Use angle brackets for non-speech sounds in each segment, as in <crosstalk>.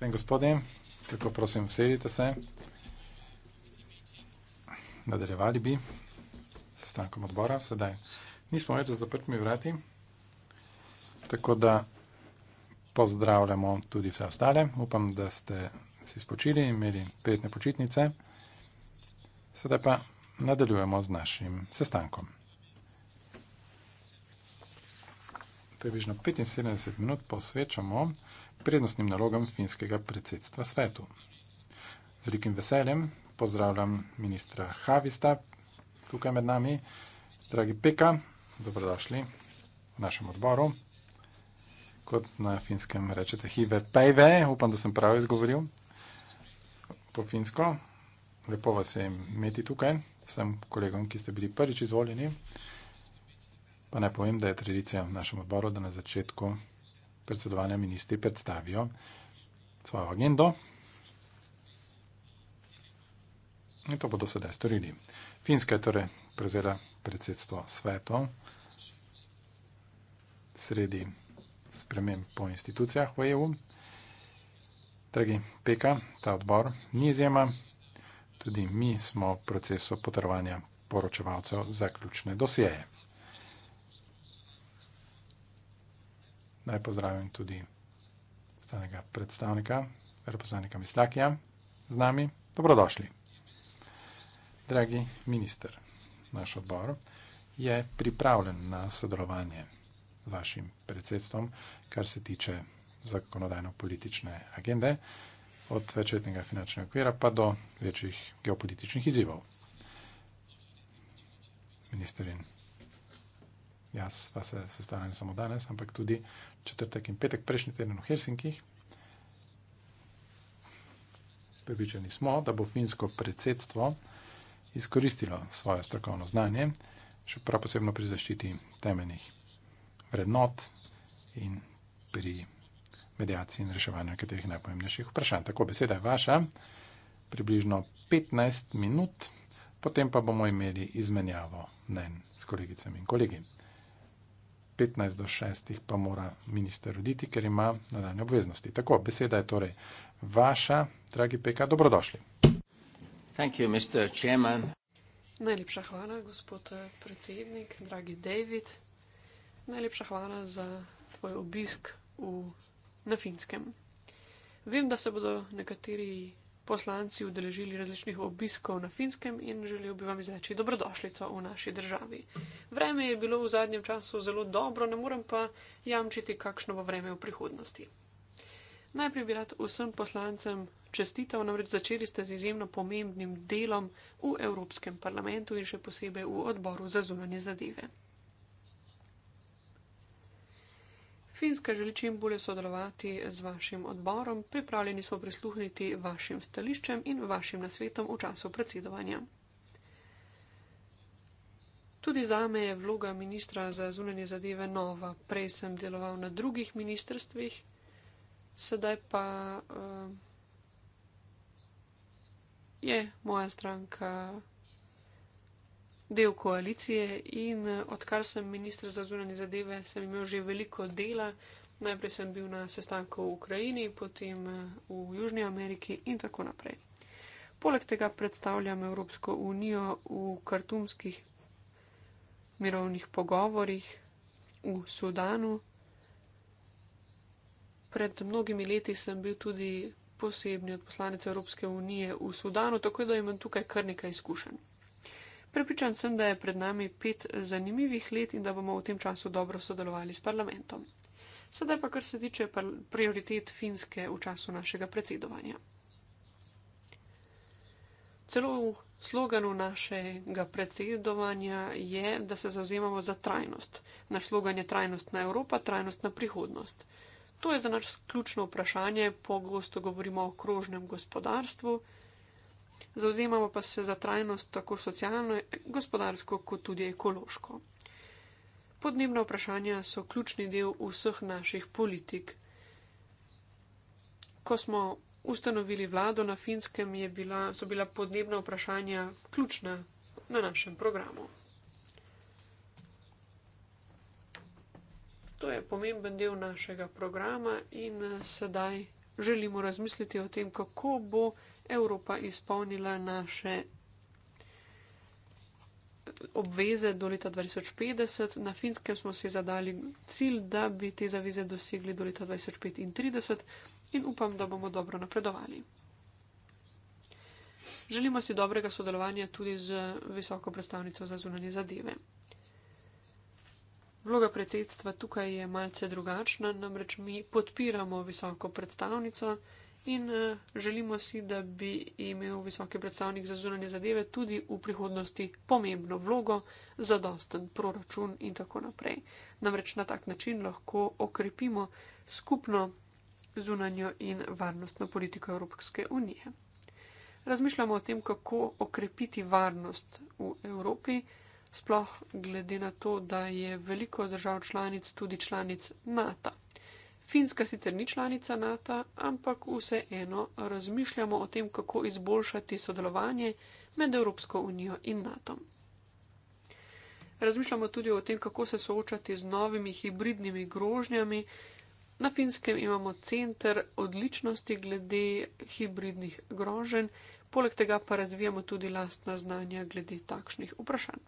Vem, gospodje, tako prosim, sedite se. Nadaljevali bi s stankom odbora, sedaj nismo več za zaprtimi vrati, tako da pozdravljamo tudi vse ostale. Upam, da ste si spočili in imeli prijetne počitnice. Sedaj pa nadaljujemo z našim sestankom. Približno 75 minut posvečamo prednostnim nalogam finskega predsedstva svetu. Z velikim veseljem pozdravljam ministra Havista tukaj med nami, dragi Peka, dobrodošli v našem odboru. Kot na finskem rečete Hive Peive, upam, da sem prav izgovoril po finsko. Lepo vas je imeti tukaj, sem kolegom, ki ste bili prvič izvoljeni. Pa ne povem, da je tradicija v našem odboru, da na začetku predsedovanja ministri predstavijo svojo agendo. In to bodo sedaj storili. Finska je torej prevzela predsedstvo sveto sredi sprememb po institucijah v EU. Dragi Peka, ta odbor ni izjema. Tudi mi smo v procesu potrvanja poročevalcev za ključne dosjeje. Naj pozdravim tudi stanega predstavnika, veleposlanika Mislakija, z nami. Dobrodošli. Dragi minister, naš odbor je pripravljen na sodelovanje z vašim predsedstvom, kar se tiče zakonodajno-politične agende, od večletnega finančnega okvira pa do večjih geopolitičnih izzivov. Minister in jaz pa se sestanem ne samo danes, ampak tudi četrtek in petek prejšnji teden v Helsinkih. Pripričani smo, da bo finsko predsedstvo izkoristilo svoje strokovno znanje, še prav posebno pri zaščiti temeljnih vrednot in pri mediaciji in reševanju nekaterih najpomembnejših vprašanj. Tako, beseda je vaša, približno 15 minut, potem pa bomo imeli izmenjavo mnen s kolegicami in kolegi. 15 do 6 pa mora minister roditi, ker ima nadaljne obveznosti. Tako, beseda je torej vaša, dragi PK, dobrodošli. You, Najlepša hvala, gospod eh, predsednik, dragi David. Najlepša hvala za tvoj obisk v, na Finskem. Vem, da se bodo nekateri poslanci udeležili različnih obiskov na finskem in želel bi vam izreči dobrodošlico v naši državi. Vreme je bilo v zadnjem času zelo dobro, ne morem pa jamčiti, kakšno bo vreme v prihodnosti. Najprej bi rad vsem poslancem čestital, namreč začeli ste z izjemno pomembnim delom v Evropskem parlamentu in še posebej v odboru za zunanje zadeve. Finska želi čim bolje sodelovati z vašim odborom, pripravljeni smo prisluhniti vašim stališčem in vašim nasvetom v času predsedovanja. Tudi za me je vloga ministra za zunanje zadeve nova. Prej sem deloval na drugih ministrstvih, sedaj pa uh, je moja stranka del koalicije in eh, odkar sem ministr za zunanje zadeve, sem imel že veliko dela. Najprej sem bil na sestanku v Ukrajini, potem eh, v Južni Ameriki in tako naprej. Poleg tega predstavljam Evropsko unijo v kartumskih mirovnih pogovorih v Sudanu. Pred mnogimi leti sem bil tudi posebni odposlanec Evropske unije v Sudanu, tako da imam tukaj kar nekaj izkušenj. Prepričan sem, da je pred nami pet zanimivih let in da bomo v tem času dobro sodelovali s parlamentom. Sedaj pa kar se tiče prioritet Finske v času našega predsedovanja. Celo v sloganu našega predsedovanja je, da se zauzemamo za trajnost. Naš slogan je trajnostna Evropa, trajnostna prihodnost. To je za nas ključno vprašanje, pogosto govorimo o krožnem gospodarstvu. Zauzemamo pa se za trajnost tako socialno, gospodarsko, kot tudi ekološko. Podnebna vprašanja so ključni del vseh naših politik. Ko smo ustanovili vlado na finskem, bila, so bila podnebna vprašanja ključna na našem programu. To je pomemben del našega programa in eh, sedaj želimo razmisliti o tem, kako bo Evropa izpolnila naše obveze do leta 2050. Na finskem smo si zadali cilj, da bi te zaveze dosegli do leta 2035 in upam, da bomo dobro napredovali. Želimo si dobrega sodelovanja tudi z visoko predstavnico za zunanje zadeve. Vloga predsedstva tukaj je malce drugačna, namreč mi podpiramo visoko predstavnico in eh, želimo si, da bi imel visoki predstavnik za zunanje zadeve tudi v prihodnosti pomembno vlogo, zadosten proračun in tako naprej. Namreč na tak način lahko okrepimo skupno zunanjo in varnostno politiko Evropske unije. Razmišljamo o tem, kako okrepiti varnost v Evropi sploh glede na to, da je veliko držav članic tudi članic NATO. Finska sicer ni članica NATO, ampak vseeno razmišljamo o tem, kako izboljšati sodelovanje med Evropsko unijo in NATO. Razmišljamo tudi o tem, kako se soočati z novimi hibridnimi grožnjami. Na finskem imamo center odličnosti glede hibridnih groženj, poleg tega pa razvijamo tudi lastna znanja glede takšnih vprašanj.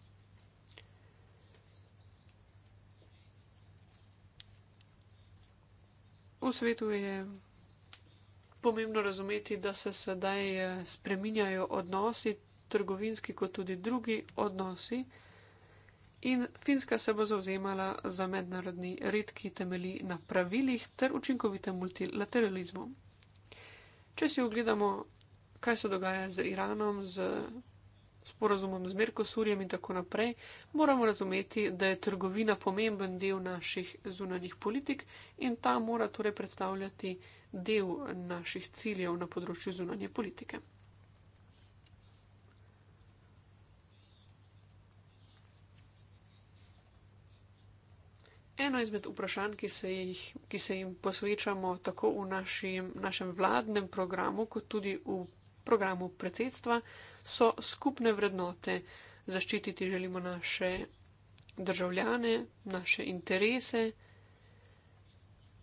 V svetu je pomembno razumeti, da se sedaj eh, spreminjajo odnosi, trgovinski kot tudi drugi odnosi. In Finska se bo zauzemala za mednarodni red, ki temeli na pravilih ter učinkovitem multilateralizmu. Če si ogledamo, kaj se dogaja z Iranom, z sporazumom z Merkosurjem in tako naprej, moramo razumeti, da je trgovina pomemben del naših zunanjih politik in ta mora torej predstavljati del naših ciljev na področju zunanje politike. Eno izmed vprašanj, ki se, jih, ki se jim posvečamo tako v našim, našem vladnem programu, kot tudi v programu predsedstva, so skupne vrednote. Zaščititi želimo naše državljane, naše interese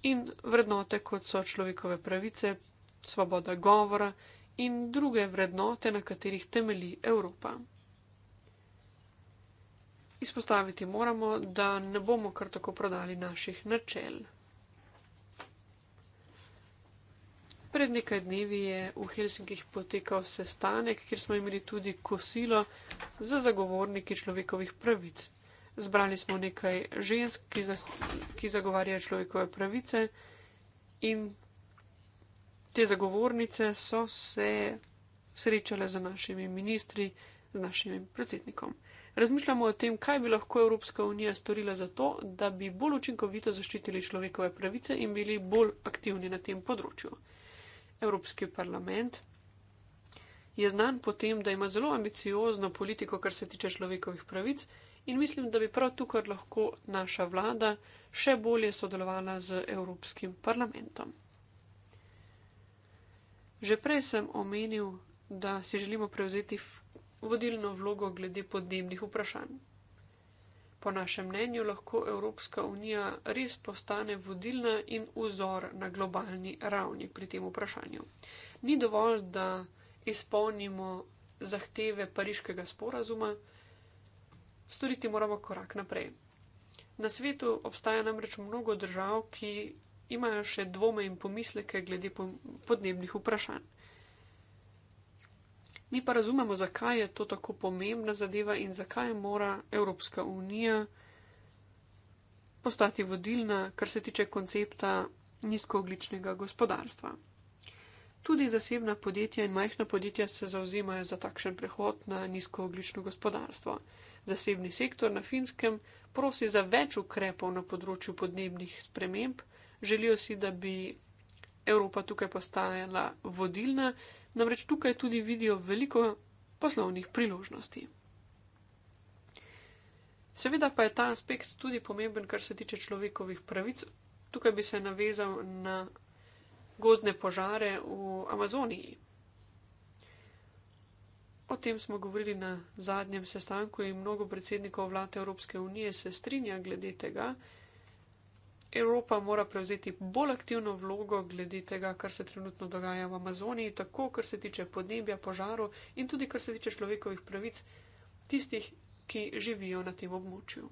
in vrednote, kot so človekove pravice, svoboda govora in druge vrednote, na katerih temelji Evropa. Izpostaviti moramo, da ne bomo kar tako prodali naših načel. Pred nekaj dnevi je v Helsinkih potekal sestanek, kjer smo imeli tudi kosilo za zagovorniki človekovih pravic. Zbrali smo nekaj žensk, ki, za, ki zagovarjajo človekove pravice in te zagovornice so se srečale z našimi ministri, z našim predsednikom. Razmišljamo o tem, kaj bi lahko Evropska unija storila za to, da bi bolj učinkovito zaščitili človekove pravice in bili bolj aktivni na tem področju. Evropski parlament, je znan po tem, da ima zelo ambiciozno politiko, kar se tiče človekovih pravic, in mislim, da bi prav tukaj lahko naša vlada še bolje sodelovala z Evropskim parlamentom. Že prej sem omenil, da si želimo prevzeti vodilno vlogo glede podnebnih vprašanj. Po našem mnenju lahko Evropska unija res postane vodilna in vzor na globalni ravni pri tem vprašanju. Ni dovolj, da izpolnimo zahteve pariškega sporazuma, storiti moramo korak naprej. Na svetu obstaja namreč mnogo držav, ki imajo še dvome in pomisleke glede podnebnih vprašanj. Mi pa razumemo, zakaj je to tako pomembna zadeva in zakaj mora Evropska unija postati vodilna, kar se tiče koncepta nizkoogličnega gospodarstva. Tudi zasebna podjetja in majhna podjetja se zauzemajo za takšen prehod na nizkooglično gospodarstvo. Zasebni sektor na finskem prosi za več ukrepov na področju podnebnih sprememb, želijo si, da bi Evropa tukaj postajala vodilna namreč tukaj tudi vidijo veliko poslovnih priložnosti. Seveda pa je ta aspekt tudi pomemben, kar se tiče človekovih pravic. Tukaj bi se navezal na gozdne požare v Amazoniji. O tem smo govorili na zadnjem sestanku in mnogo predsednikov vlade Evropske unije se strinja glede tega, Evropa mora prevzeti bolj aktivno vlogo glede tega, kar se trenutno dogaja v Amazoniji, tako kar se tiče podnebja, požaru in tudi kar se tiče človekovih pravic tistih, ki živijo na tem območju.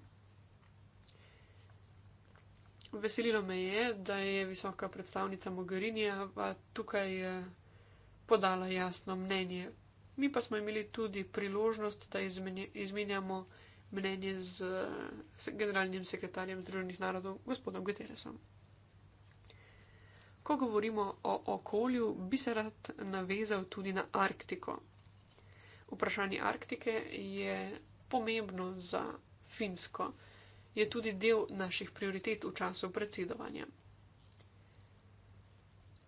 Veselilo me je, da je visoka predstavnica Mogherinija tukaj eh, podala jasno mnenje. Mi pa smo imeli tudi priložnost, da izmenjamo mnenje z generalnim sekretarjem Združenih narodov, gospodom Guterresom. Ko govorimo o okolju, bi se rad navezal tudi na Arktiko. Vprašanje Arktike je pomembno za Finsko, je tudi del naših prioritet v času predsedovanja.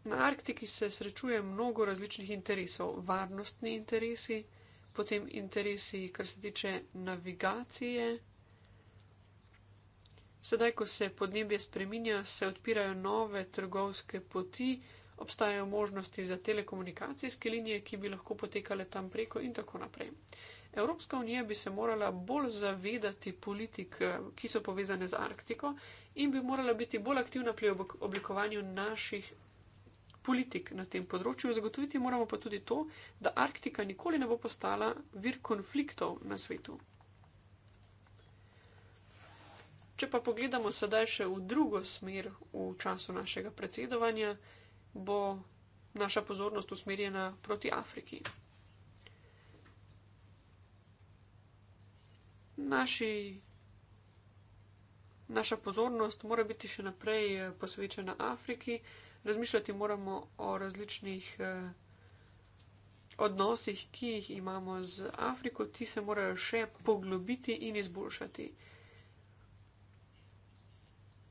Na Arktiki se srečuje mnogo različnih interesov, varnostni interesi, potem interesi, kar se tiče navigacije. Sedaj, ko se podnebje spreminja, se odpirajo nove trgovske poti, obstajajo možnosti za telekomunikacijske linije, ki bi lahko potekale tam preko in tako naprej. Evropska unija bi se morala bolj zavedati politik, eh, ki so povezane z Arktiko in bi morala biti bolj aktivna pri oblikovanju naših politik na tem področju. Zagotoviti moramo pa tudi to, da Arktika nikoli ne bo postala vir konfliktov na svetu. Če pa pogledamo sedaj še v drugo smer v času našega predsedovanja, bo naša pozornost usmerjena proti Afriki. Naši, naša pozornost mora biti še naprej eh, posvečena Afriki, razmišljati moramo o različnih eh, odnosih, ki jih imamo z Afriko, ti se morajo še poglobiti in izboljšati.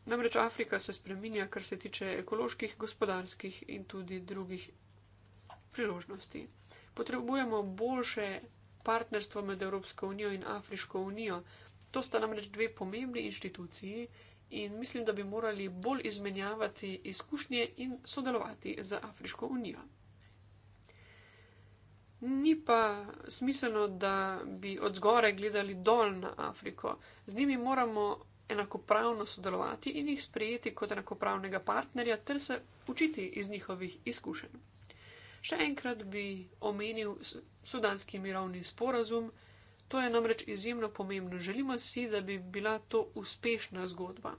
Namreč Afrika se spreminja, kar se tiče ekoloških, gospodarskih in tudi drugih priložnosti. Potrebujemo boljše partnerstvo med Evropsko unijo in Afriško unijo. To sta namreč dve pomembni inštituciji, in mislim, da bi morali bolj izmenjavati izkušnje in sodelovati z Afriško unijo. Ni pa smiselno, da bi od zgore gledali dol na Afriko. Z njimi moramo enakopravno sodelovati in jih sprejeti kot enakopravnega partnerja ter se učiti iz njihovih izkušenj. Še enkrat bi omenil sudanski mirovni sporazum, To je namreč izjemno pomembno. Želimo si, da bi bila to uspešna zgodba.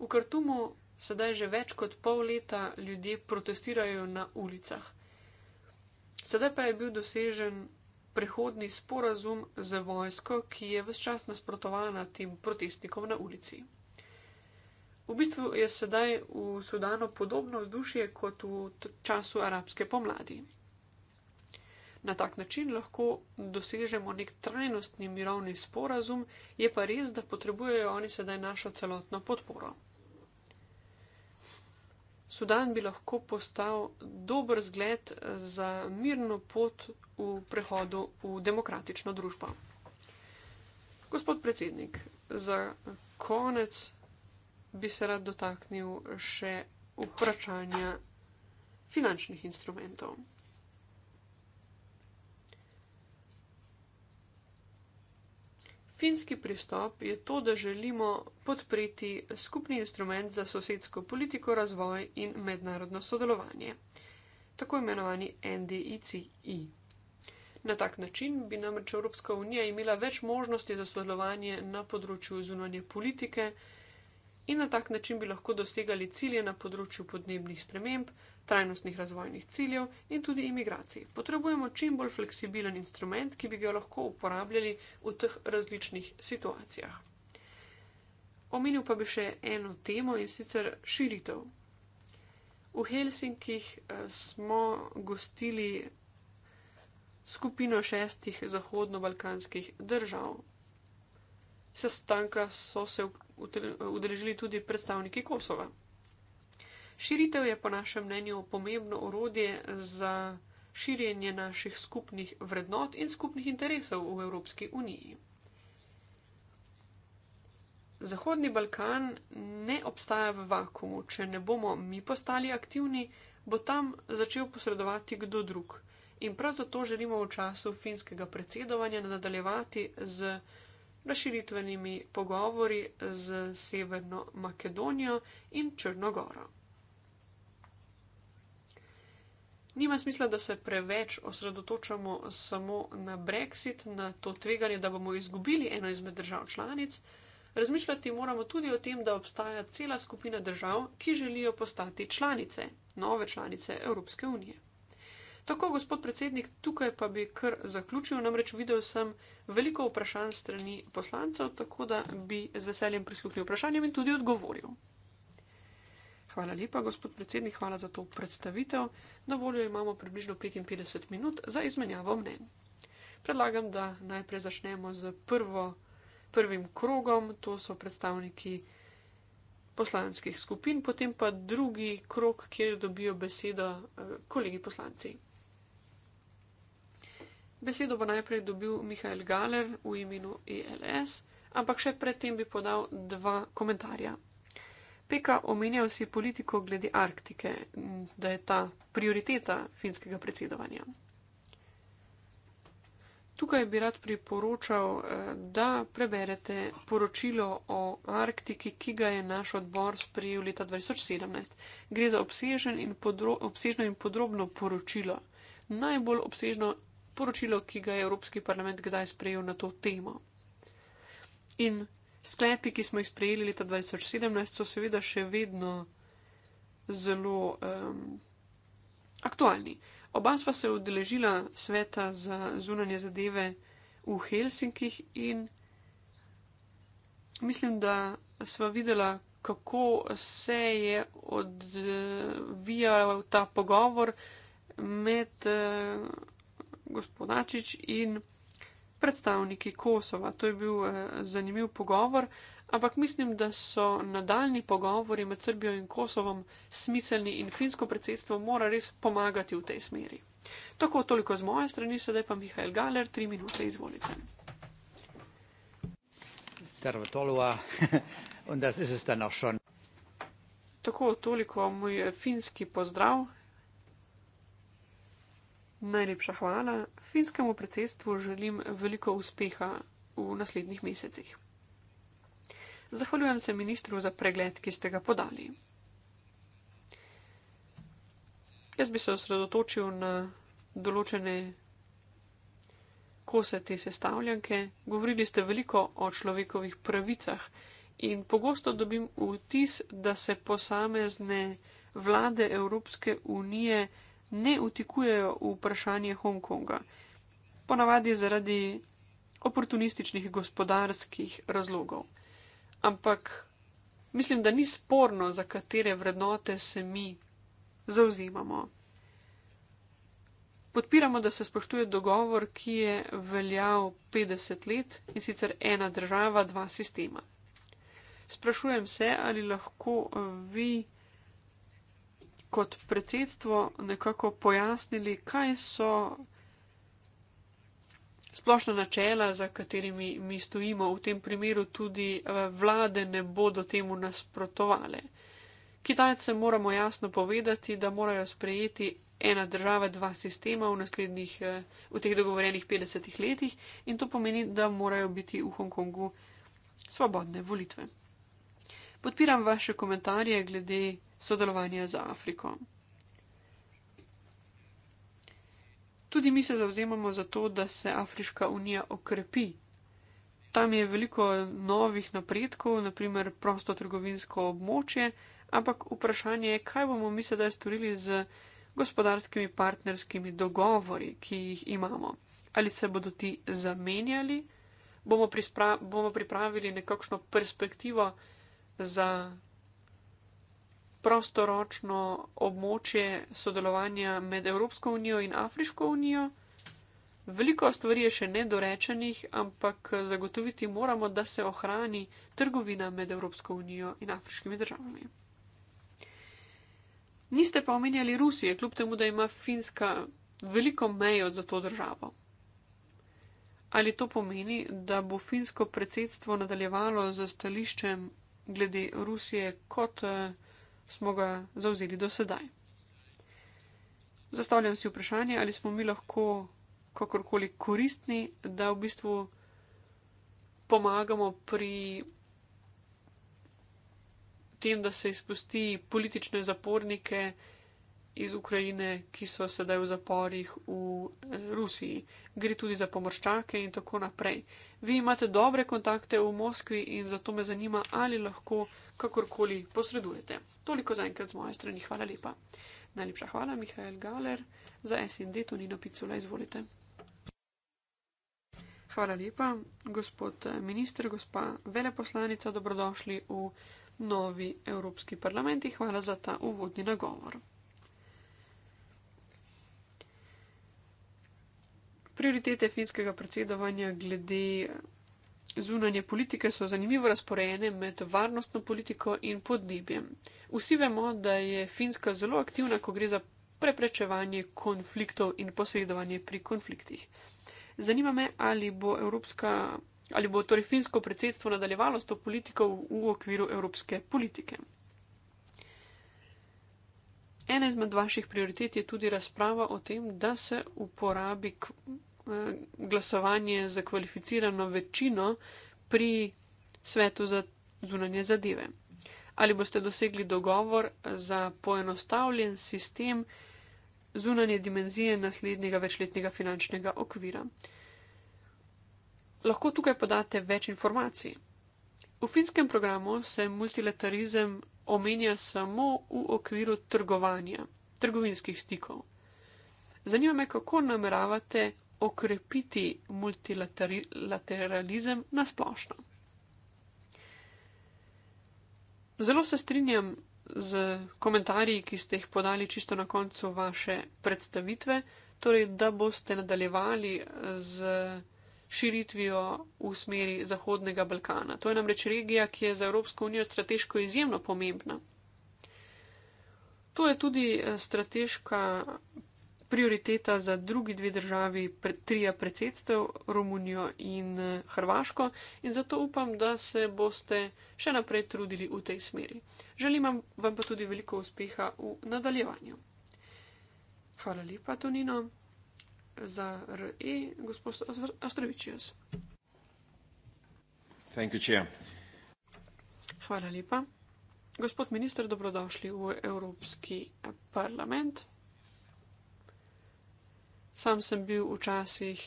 V Kartumu sedaj že več kot pol leta ljudje protestirajo na ulicah. Sedaj pa je bil dosežen prehodni sporazum z vojsko, ki je vse čas nasprotovala tem protestnikom na ulici. V bistvu je sedaj v Sudanu podobno vzdušje kot v času arabske pomladi na tak način lahko dosežemo nek trajnostni mirovni sporazum, je pa res, da potrebujejo oni sedaj našo celotno podporo. Sudan bi lahko postal dober zgled za mirno pot v prehodu v demokratično družbo. Gospod predsednik, za konec bi se rad dotaknil še vprašanja finančnih instrumentov. Finski pristop je to, da želimo podpreti skupni instrument za sosedsko politiko, razvoj in mednarodno sodelovanje, tako imenovani NDICI. Na tak način bi namreč Evropska unija imela več možnosti za sodelovanje na področju zunanje politike in na tak način bi lahko dosegali cilje na področju podnebnih sprememb, trajnostnih razvojnih ciljev in tudi imigracij. Potrebujemo čim bolj fleksibilen instrument, ki bi ga lahko uporabljali v teh različnih situacijah. Omenil pa bi še eno temo in sicer širitev. V Helsinkih eh, smo gostili skupino šestih zahodno-balkanskih držav. Sestanka so se udeležili tudi predstavniki Kosova. Širitev je po našem mnenju pomembno orodje za širjenje naših skupnih vrednot in skupnih interesov v Evropski uniji. Zahodni Balkan ne obstaja v vakumu. Če ne bomo mi postali aktivni, bo tam začel posredovati kdo drug. In prav zato želimo v času finskega predsedovanja nadaljevati z razširitvenimi pogovori z Severno Makedonijo in Črnogoro. nima smisla, da se preveč osredotočamo samo na Brexit, na to tveganje, da bomo izgubili eno izmed držav članic. Razmišljati moramo tudi o tem, da obstaja cela skupina držav, ki želijo postati članice, nove članice Evropske unije. Tako, gospod predsednik, tukaj pa bi kar zaključil, namreč videl sem veliko vprašanj strani poslancev, tako da bi z veseljem prisluhnil vprašanjem in tudi odgovoril. Hvala lepa, gospod predsednik, hvala za to predstavitev. Na voljo imamo približno 55 minut za izmenjavo mnen. Predlagam, da najprej začnemo z prvo, prvim krogom, to so predstavniki poslanskih skupin, potem pa drugi krog, kjer dobijo besedo eh, kolegi poslanci. Besedo bo najprej dobil Mihajl Galer v imenu ELS, ampak še predtem bi podal dva komentarja. Peka, omenjal si politiko glede Arktike, da je ta prioriteta finskega predsedovanja. Tukaj bi rad priporočal, eh, da preberete poročilo o Arktiki, ki ga je naš odbor sprejel leta 2017. Gre za obsežen in podro, obsežno in podrobno poročilo. Najbolj obsežno poročilo, ki ga je Evropski parlament kdaj sprejel na to temo. In sklepi, ki smo jih sprejeli leta 2017, so seveda še vedno zelo um, aktualni. Oba sva se odeležila sveta za zunanje zadeve v Helsinkih in mislim, da sva videla, kako se je odvijal ta pogovor med uh, gospodačič in predstavniki Kosova. To je bil eh, zanimiv pogovor, ampak mislim, da so nadaljni pogovori med Srbijo in Kosovom smiselni in finsko predsedstvo mora res pomagati v tej smeri. Tako toliko z moje strani, sedaj pa Mihajl Galer, tri minute izvolite. <laughs> Tako toliko moj eh, finski pozdrav. Najlepša hvala. Finskemu predsedstvu želim veliko uspeha v naslednjih mesecih. Zahvaljujem se ministru za pregled, ki ste ga podali. Jaz bi se osredotočil na določene kose te sestavljanke. Govorili ste veliko o človekovih pravicah in pogosto dobim vtis, da se posamezne vlade Evropske unije ne utikujejo v vprašanje Hongkonga, ponavadi zaradi oportunističnih gospodarskih razlogov. Ampak mislim, da ni sporno, za katere vrednote se mi zauzemamo. Podpiramo, da se spoštuje dogovor, ki je veljal 50 let in sicer ena država, dva sistema. Sprašujem se, ali lahko vi kot predsedstvo nekako pojasnili, kaj so splošna načela, za katerimi mi stojimo. V tem primeru tudi eh, vlade ne bodo temu nasprotovale. Kitajce moramo jasno povedati, da morajo sprejeti ena država, dva sistema v, eh, v teh dogovorenih 50 letih in to pomeni, da morajo biti v Hongkongu svobodne volitve. Podpiram vaše komentarje glede sodelovanja za Afriko. Tudi mi se zavzemamo za to, da se Afriška unija okrepi. Tam je veliko novih napredkov, naprimer prostotrgovinsko območje, ampak vprašanje je, kaj bomo mi sedaj storili z gospodarskimi partnerskimi dogovori, ki jih imamo. Ali se bodo ti zamenjali, bomo, bomo pripravili nekakšno perspektivo za prostoročno območje sodelovanja med Evropsko unijo in Afriško unijo. Veliko stvari je še nedorečenih, ampak zagotoviti moramo, da se ohrani trgovina med Evropsko unijo in afriškimi državami. Niste pa omenjali Rusije, kljub temu, da ima Finska veliko mejo za to državo. Ali to pomeni, da bo finsko predsedstvo nadaljevalo z stališčem glede Rusije kot. Uh, smo ga zauzeli do sedaj. Zastavljam si vprašanje, ali smo mi lahko kakorkoli koristni, da v bistvu pomagamo pri tem, da se izpusti politične zapornike iz Ukrajine, ki so sedaj v zaporih v eh, Rusiji. Gre tudi za pomorščake in tako naprej. Vi imate dobre kontakte v Moskvi in zato me zanima, ali lahko kakorkoli posredujete. Toliko za enkrat z moje strani. Hvala lepa. Najlepša hvala, Mihajl Galer, za SND Tonino Picula. Izvolite. Hvala lepa, gospod eh, minister, gospa veleposlanica, dobrodošli v novi Evropski parlament in hvala za ta uvodni nagovor. Prioritete finskega predsedovanja glede zunanje politike so zanimivo razporejene med varnostno politiko in podnebjem. Vsi vemo, da je Finska zelo aktivna, ko gre za preprečevanje konfliktov in posredovanje pri konfliktih. Zanima me, ali bo, Evropska, ali bo torej finsko predsedstvo nadaljevalo s to politiko v, v okviru evropske politike. Ena izmed vaših prioritet je tudi razprava o tem, da se uporabi glasovanje za kvalificirano večino pri svetu za zunanje zadeve. Ali boste dosegli dogovor za poenostavljen sistem zunanje dimenzije naslednjega večletnega finančnega okvira? Lahko tukaj podate več informacij. V finskem programu se multilaterizem omenja samo v okviru trgovanja, trgovinskih stikov. Zanima me, kako nameravate okrepiti multilateralizem na splošno. Zelo se strinjam z komentarji, ki ste jih podali čisto na koncu vaše predstavitve, torej da boste nadaljevali z širitvijo v smeri Zahodnega Balkana. To je namreč regija, ki je za Evropsko unijo strateško izjemno pomembna. To je tudi strateška prioriteta za drugi dve državi, pre, trija predsedstev, Romunijo in eh, Hrvaško, in zato upam, da se boste še naprej trudili v tej smeri. Želim vam pa tudi veliko uspeha v nadaljevanju. Hvala lepa, Tonino, za RE, gospod Astrovičius. Hvala lepa. Gospod minister, dobrodošli v Evropski eh, parlament. Sam sem bil včasih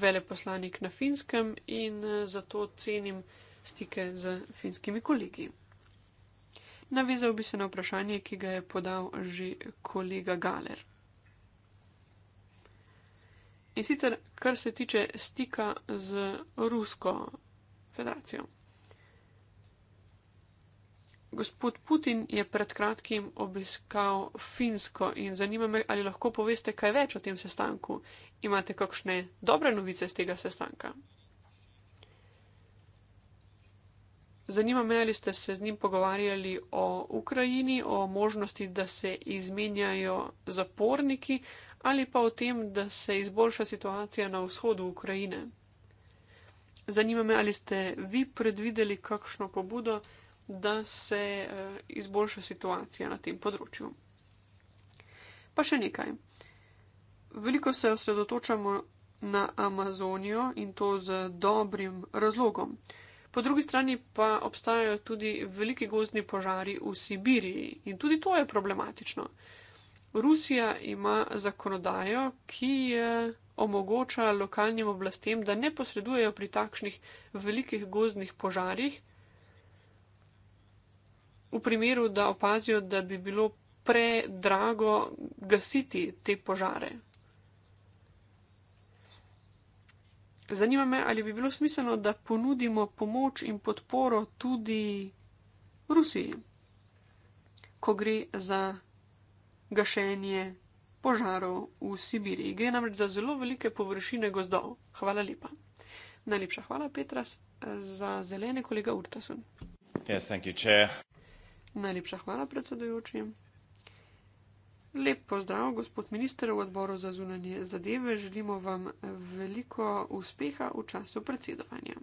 veleposlanik na finskem in eh, zato cenim stike z finskimi kolegi. Navezal bi se na vprašanje, ki ga je podal že kolega Galer. In sicer, kar se tiče stika z Rusko federacijo. Gospod Putin je pred kratkim obiskal Finsko in zanima me, ali lahko poveste kaj več o tem sestanku. Imate kakšne dobre novice z tega sestanka? Zanima me, ali ste se z njim pogovarjali o Ukrajini, o možnosti, da se izmenjajo zaporniki ali pa o tem, da se izboljša situacija na vzhodu Ukrajine. Zanima me, ali ste vi predvideli kakšno pobudo da se eh, izboljša situacija na tem področju. Pa še nekaj. Veliko se osredotočamo na Amazonijo in to z dobrim razlogom. Po drugi strani pa obstajajo tudi veliki gozdni požari v Sibiriji in tudi to je problematično. Rusija ima zakonodajo, ki omogoča lokalnim oblastem, da ne posredujejo pri takšnih velikih gozdnih požarih, v primeru, da opazijo, da bi bilo predrago gasiti te požare. Zanima me, ali bi bilo smiselno, da ponudimo pomoč in podporo tudi Rusiji, ko gre za gašenje požarov v Sibiriji. Gre namreč za zelo velike površine gozdov. Hvala lepa. Najlepša hvala, Petras, za zelene kolega Urtasun. Yes, thank you, Chair. Najlepša hvala, predsedujoči. Lep pozdrav, gospod minister v odboru za zunanje zadeve. Želimo vam veliko uspeha v času predsedovanja.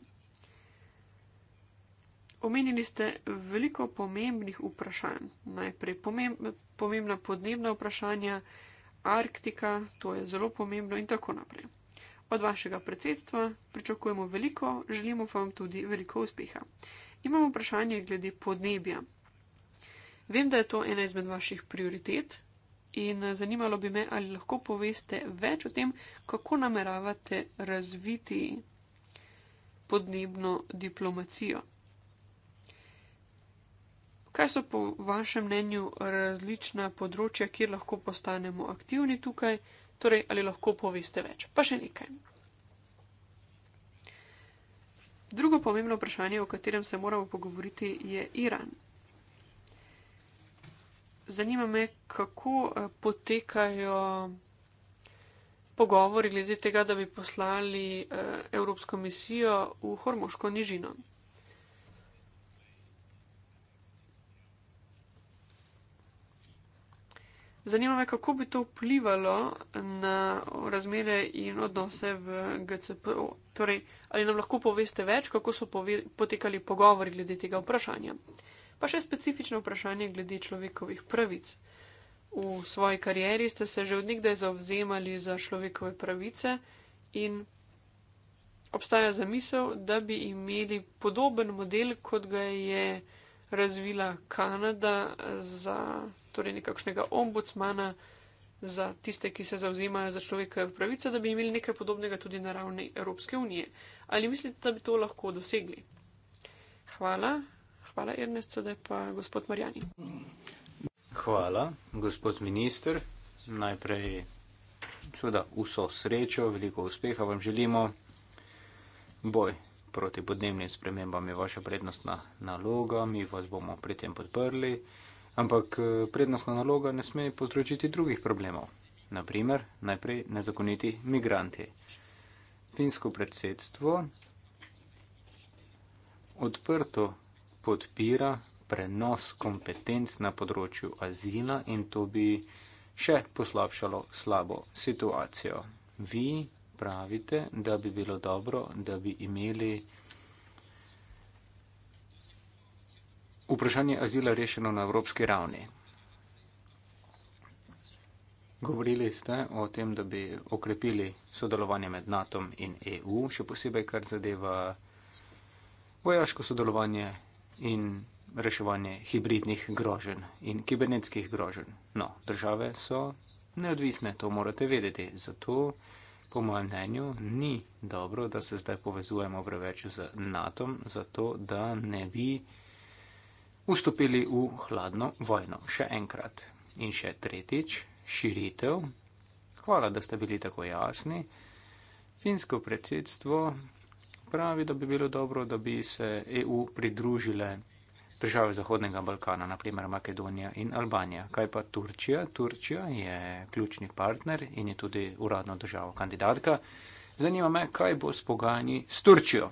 Omenili ste veliko pomembnih vprašanj. Najprej pomemb pomembna podnebna vprašanja, Arktika, to je zelo pomembno in tako naprej. Od vašega predsedstva pričakujemo veliko, želimo pa vam tudi veliko uspeha. Imamo vprašanje glede podnebja. Vem, da je to ena izmed vaših prioritet in eh, zanimalo bi me, ali lahko poveste več o tem, kako nameravate razviti podnebno diplomacijo. Kaj so po vašem mnenju različna področja, kjer lahko postanemo aktivni tukaj, torej ali lahko poveste več? Pa še nekaj. Drugo pomembno vprašanje, o katerem se moramo pogovoriti, je Iran zanima me, kako eh, potekajo pogovori glede tega, da bi poslali eh, Evropsko misijo v Hormoško nižino. Zanima me, kako bi to vplivalo na razmere in odnose v GCPO. Torej, ali nam lahko poveste več, kako so potekali pogovori glede tega vprašanja? Pa še specifično vprašanje glede človekovih pravic. V svoji karieri ste se že odnigdaj zauzemali za človekove pravice in obstaja zamisel, da bi imeli podoben model, kot ga je razvila Kanada za torej nekakšnega ombudsmana za tiste, ki se zauzemajo za človekove pravice, da bi imeli nekaj podobnega tudi na ravni Evropske unije. Ali mislite, da bi to lahko dosegli? Hvala. Hvala, Ernest, sedaj pa gospod Marjani. Hvala, gospod minister. Najprej seveda vso srečo, veliko uspeha vam želimo. Boj proti podnebnim spremembam je vaša prednostna naloga, mi vas bomo pri tem podprli. Ampak eh, prednostna naloga ne sme povzročiti drugih problemov. Naprimer, najprej nezakoniti migranti. Finsko predsedstvo odprto podpira prenos kompetenc na področju azila in to bi še poslabšalo slabo situacijo. Vi pravite, da bi bilo dobro, da bi imeli vprašanje azila rešeno na evropski ravni. Govorili ste o tem, da bi okrepili sodelovanje med NATO in EU, še posebej kar zadeva vojaško sodelovanje in reševanje hibridnih groženj in kibernetskih groženj. No, države so neodvisne, to morate vedeti. Zato, po mojem mnenju, ni dobro, da se zdaj povezujemo preveč z NATO, zato da ne bi vstopili v hladno vojno. Še enkrat in še tretjič, širitev. Hvala, da ste bili tako jasni. Finsko predsedstvo pravi, da bi bilo dobro, da bi se EU pridružile države Zahodnega Balkana, naprimer Makedonija in Albanija. Kaj pa Turčija? Turčija je ključni partner in je tudi uradno državo kandidatka. Zanima me, kaj bo s pogajanji s Turčijo.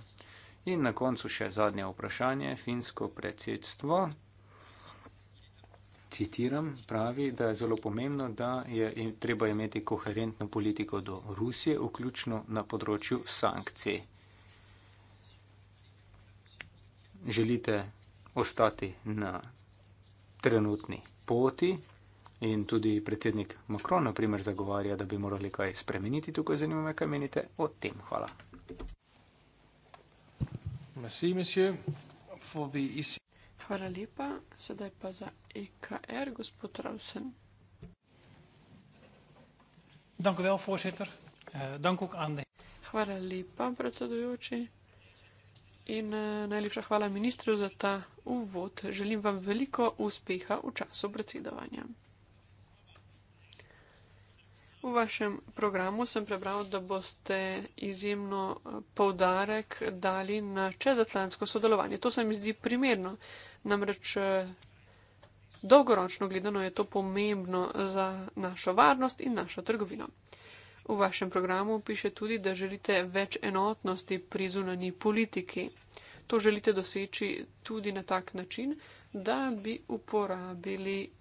In na koncu še zadnje vprašanje. Finsko predsedstvo, citiram, pravi, da je zelo pomembno, da je treba imeti koherentno politiko do Rusije, vključno na področju sankcij. želite ostati na trenutni poti. In tudi predsednik Makron, na primer, zagovarja, da bi morali kaj spremeniti. Tukaj zanima me, kaj menite o tem. Hvala. Merci, e Hvala lepa. Sedaj pa za EKR, gospod Rausen. Dank u wel, voorzitter. Uh, dank ook aan de. Hvala lepa, predsedujoči in eh, najlepša hvala ministru za ta uvod. Želim vam veliko uspeha v času predsedovanja. V vašem programu sem prebral, da boste izjemno eh, povdarek dali na čezatlantsko sodelovanje. To se mi zdi primerno. Namreč eh, dolgoročno gledano je to pomembno za našo varnost in našo trgovino. V vašem programu piše tudi, da želite več enotnosti pri zunanji politiki to želite doseči tudi na tak način, da bi uporabili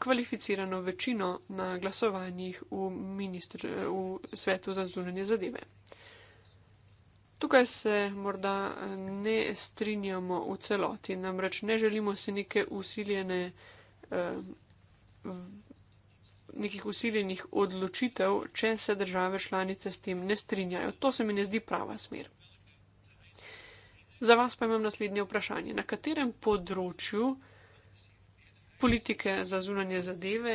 kvalificirano večino na glasovanjih v, ministr, v svetu za zunanje zadeve. Tukaj se morda ne strinjamo v celoti, namreč ne želimo si neke usiljene, eh, nekih usiljenih odločitev, če se države članice s tem ne strinjajo. To se mi ne zdi prava smer. Za vas pa imam naslednje vprašanje. Na katerem področju politike za zunanje zadeve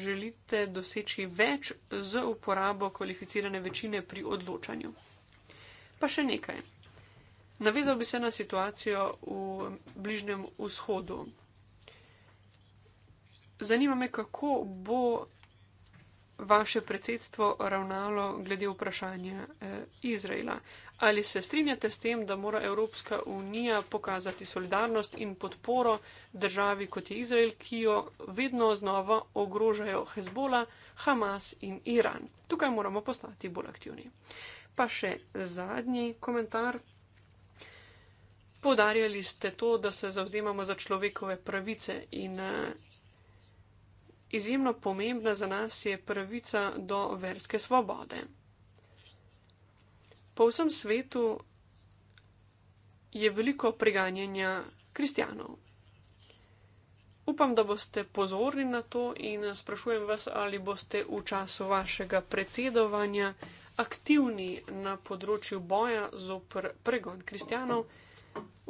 želite doseči več z uporabo kvalificirane večine pri odločanju? Pa še nekaj. Navezal bi se na situacijo v Bližnjem vzhodu. Zanima me, kako bo vaše predsedstvo ravnalo glede vprašanja eh, Izraela? Ali se strinjate s tem, da mora Evropska unija pokazati solidarnost in podporo državi kot je Izrael, ki jo vedno znova ogrožajo Hezbola, Hamas in Iran? Tukaj moramo postati bolj aktivni. Pa še zadnji komentar. Podarjali ste to, da se zauzemamo za človekove pravice in eh, Izjemno pomembna za nas je pravica do verske svobode. Po vsem svetu je veliko preganjanja kristjanov. Upam, da boste pozorni na to in sprašujem vas, ali boste v času vašega predsedovanja aktivni na področju boja zopr pregon kristjanov.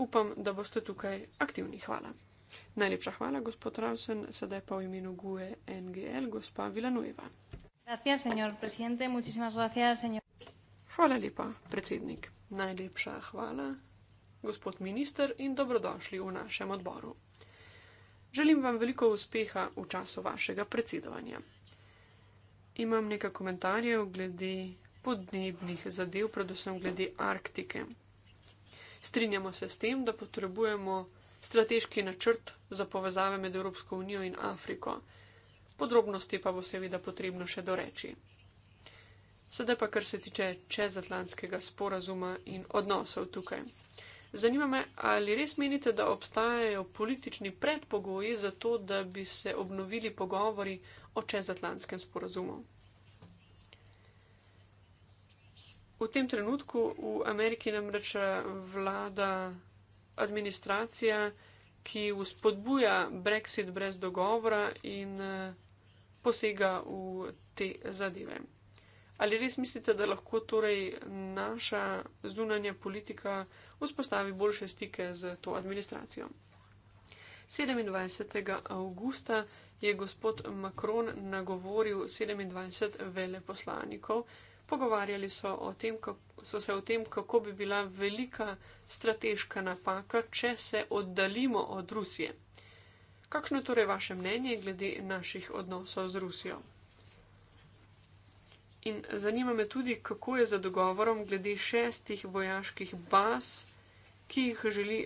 Upam, da boste tukaj aktivni. Hvala. Najlepša hvala, gospod Ravsen. Sedaj pa v imenu GUE NGL, gospa Vilanueva. Gracias, señor presidente. Muchísimas gracias, señor. Hvala lepa, predsednik. Najlepša hvala, gospod minister in dobrodošli v našem odboru. Želim vam veliko uspeha v času vašega predsedovanja. Imam nekaj komentarjev glede podnebnih zadev, predvsem glede Arktike. Strinjamo se s tem, da potrebujemo strateški načrt za povezave med Evropsko unijo in Afriko. Podrobnosti pa bo seveda potrebno še doreči. Sedaj pa, kar se tiče čezatlantskega sporazuma in odnosov tukaj. Zanima me, ali res menite, da obstajajo politični predpogoji za to, da bi se obnovili pogovori o čezatlantskem sporazumu? V tem trenutku v Ameriki namreč eh, vlada administracija, ki uspodbuja brexit brez dogovora in eh, posega v te zadeve. Ali res mislite, da lahko torej naša zunanja politika vzpostavi boljše stike z to administracijo? 27. augusta je gospod Macron nagovoril 27 veleposlanikov, pogovarjali so, tem, so se o tem, kako bi bila velika strateška napaka, če se oddaljimo od Rusije. Kakšno je torej vaše mnenje glede naših odnosov z Rusijo? In zanima me tudi, kako je za dogovorom glede šestih vojaških baz, ki jih želi,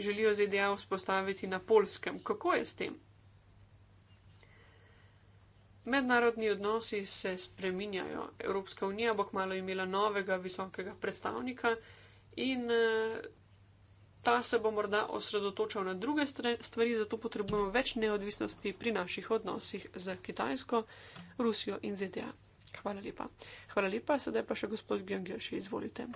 želijo ZDA vzpostaviti na polskem. Kako je s tem? Mednarodni odnosi se spreminjajo. Evropska unija bo kmalo imela novega visokega predstavnika in eh, ta se bo morda osredotočal na druge stvari, zato potrebujemo več neodvisnosti pri naših odnosih z Kitajsko, Rusijo in ZDA. Hvala lepa. Hvala lepa, sedaj pa še gospod Gjongjoši, izvolite.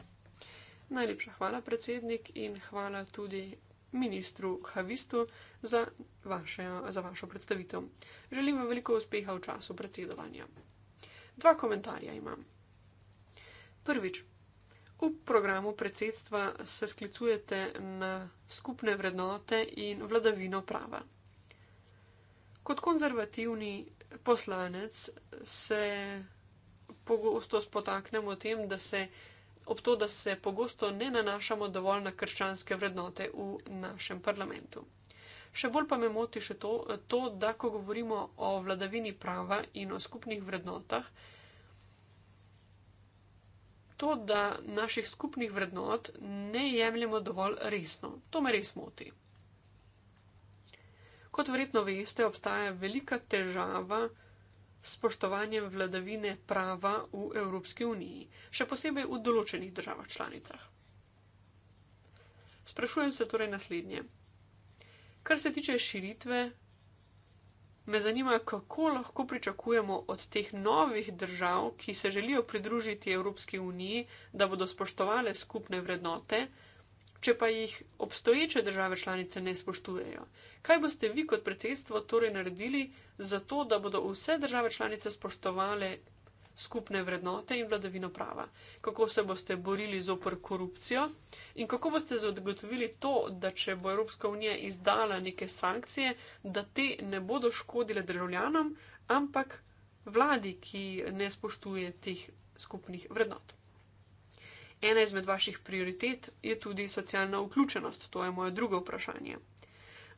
Najlepša hvala, predsednik, in hvala tudi ministru Havistu za, vaše, za vašo predstavitev. Želim vam veliko uspeha v času predsedovanja. Dva komentarja imam. Prvič, v programu predsedstva se sklicujete na skupne vrednote in vladavino prava. Kot konzervativni poslanec se pogosto spotaknemo o tem, da se ob to, da se pogosto ne nanašamo dovolj na krščanske vrednote v našem parlamentu. Še bolj pa me moti še to, to da ko govorimo o vladavini prava in o skupnih vrednotah, to, da naših skupnih vrednot ne jemljemo dovolj resno. To me res moti. Kot verjetno veste, obstaja velika težava, spoštovanjem vladavine prava v Evropski uniji, še posebej v določenih državah članicah. Sprašujem se torej naslednje. Kar se tiče širitve, me zanima, kako lahko pričakujemo od teh novih držav, ki se želijo pridružiti Evropski uniji, da bodo spoštovale skupne vrednote če pa jih obstoječe države članice ne spoštujejo. Kaj boste vi kot predsedstvo torej naredili za to, da bodo vse države članice spoštovale skupne vrednote in vladavino prava? Kako se boste borili zopr korupcijo in kako boste zagotovili to, da če bo Evropska unija izdala neke sankcije, da te ne bodo škodile državljanom, ampak vladi, ki ne spoštuje teh skupnih vrednot? Ena izmed vaših prioritet je tudi socialna vključenost, to je moje drugo vprašanje.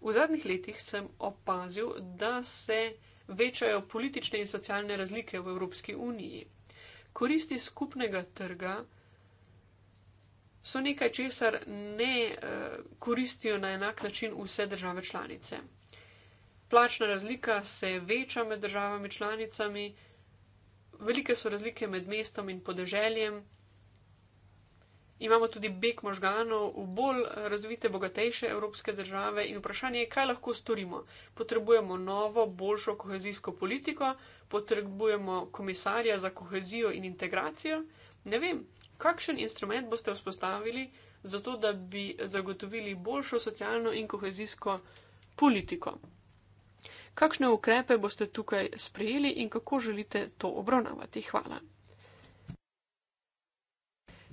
V zadnjih letih sem opazil, da se večajo politične in socialne razlike v Evropski uniji. Koristi skupnega trga so nekaj, česar ne eh, koristijo na enak način vse države članice. Plačna razlika se veča med državami članicami, velike so razlike med mestom in podeželjem. Imamo tudi beg možganov v bolj razvite, bogatejše evropske države in vprašanje je, kaj lahko storimo. Potrebujemo novo, boljšo kohezijsko politiko, potrebujemo komisarja za kohezijo in integracijo. Ne vem, kakšen instrument boste vzpostavili za to, da bi zagotovili boljšo socialno in kohezijsko politiko. Kakšne ukrepe boste tukaj sprejeli in kako želite to obravnavati? Hvala.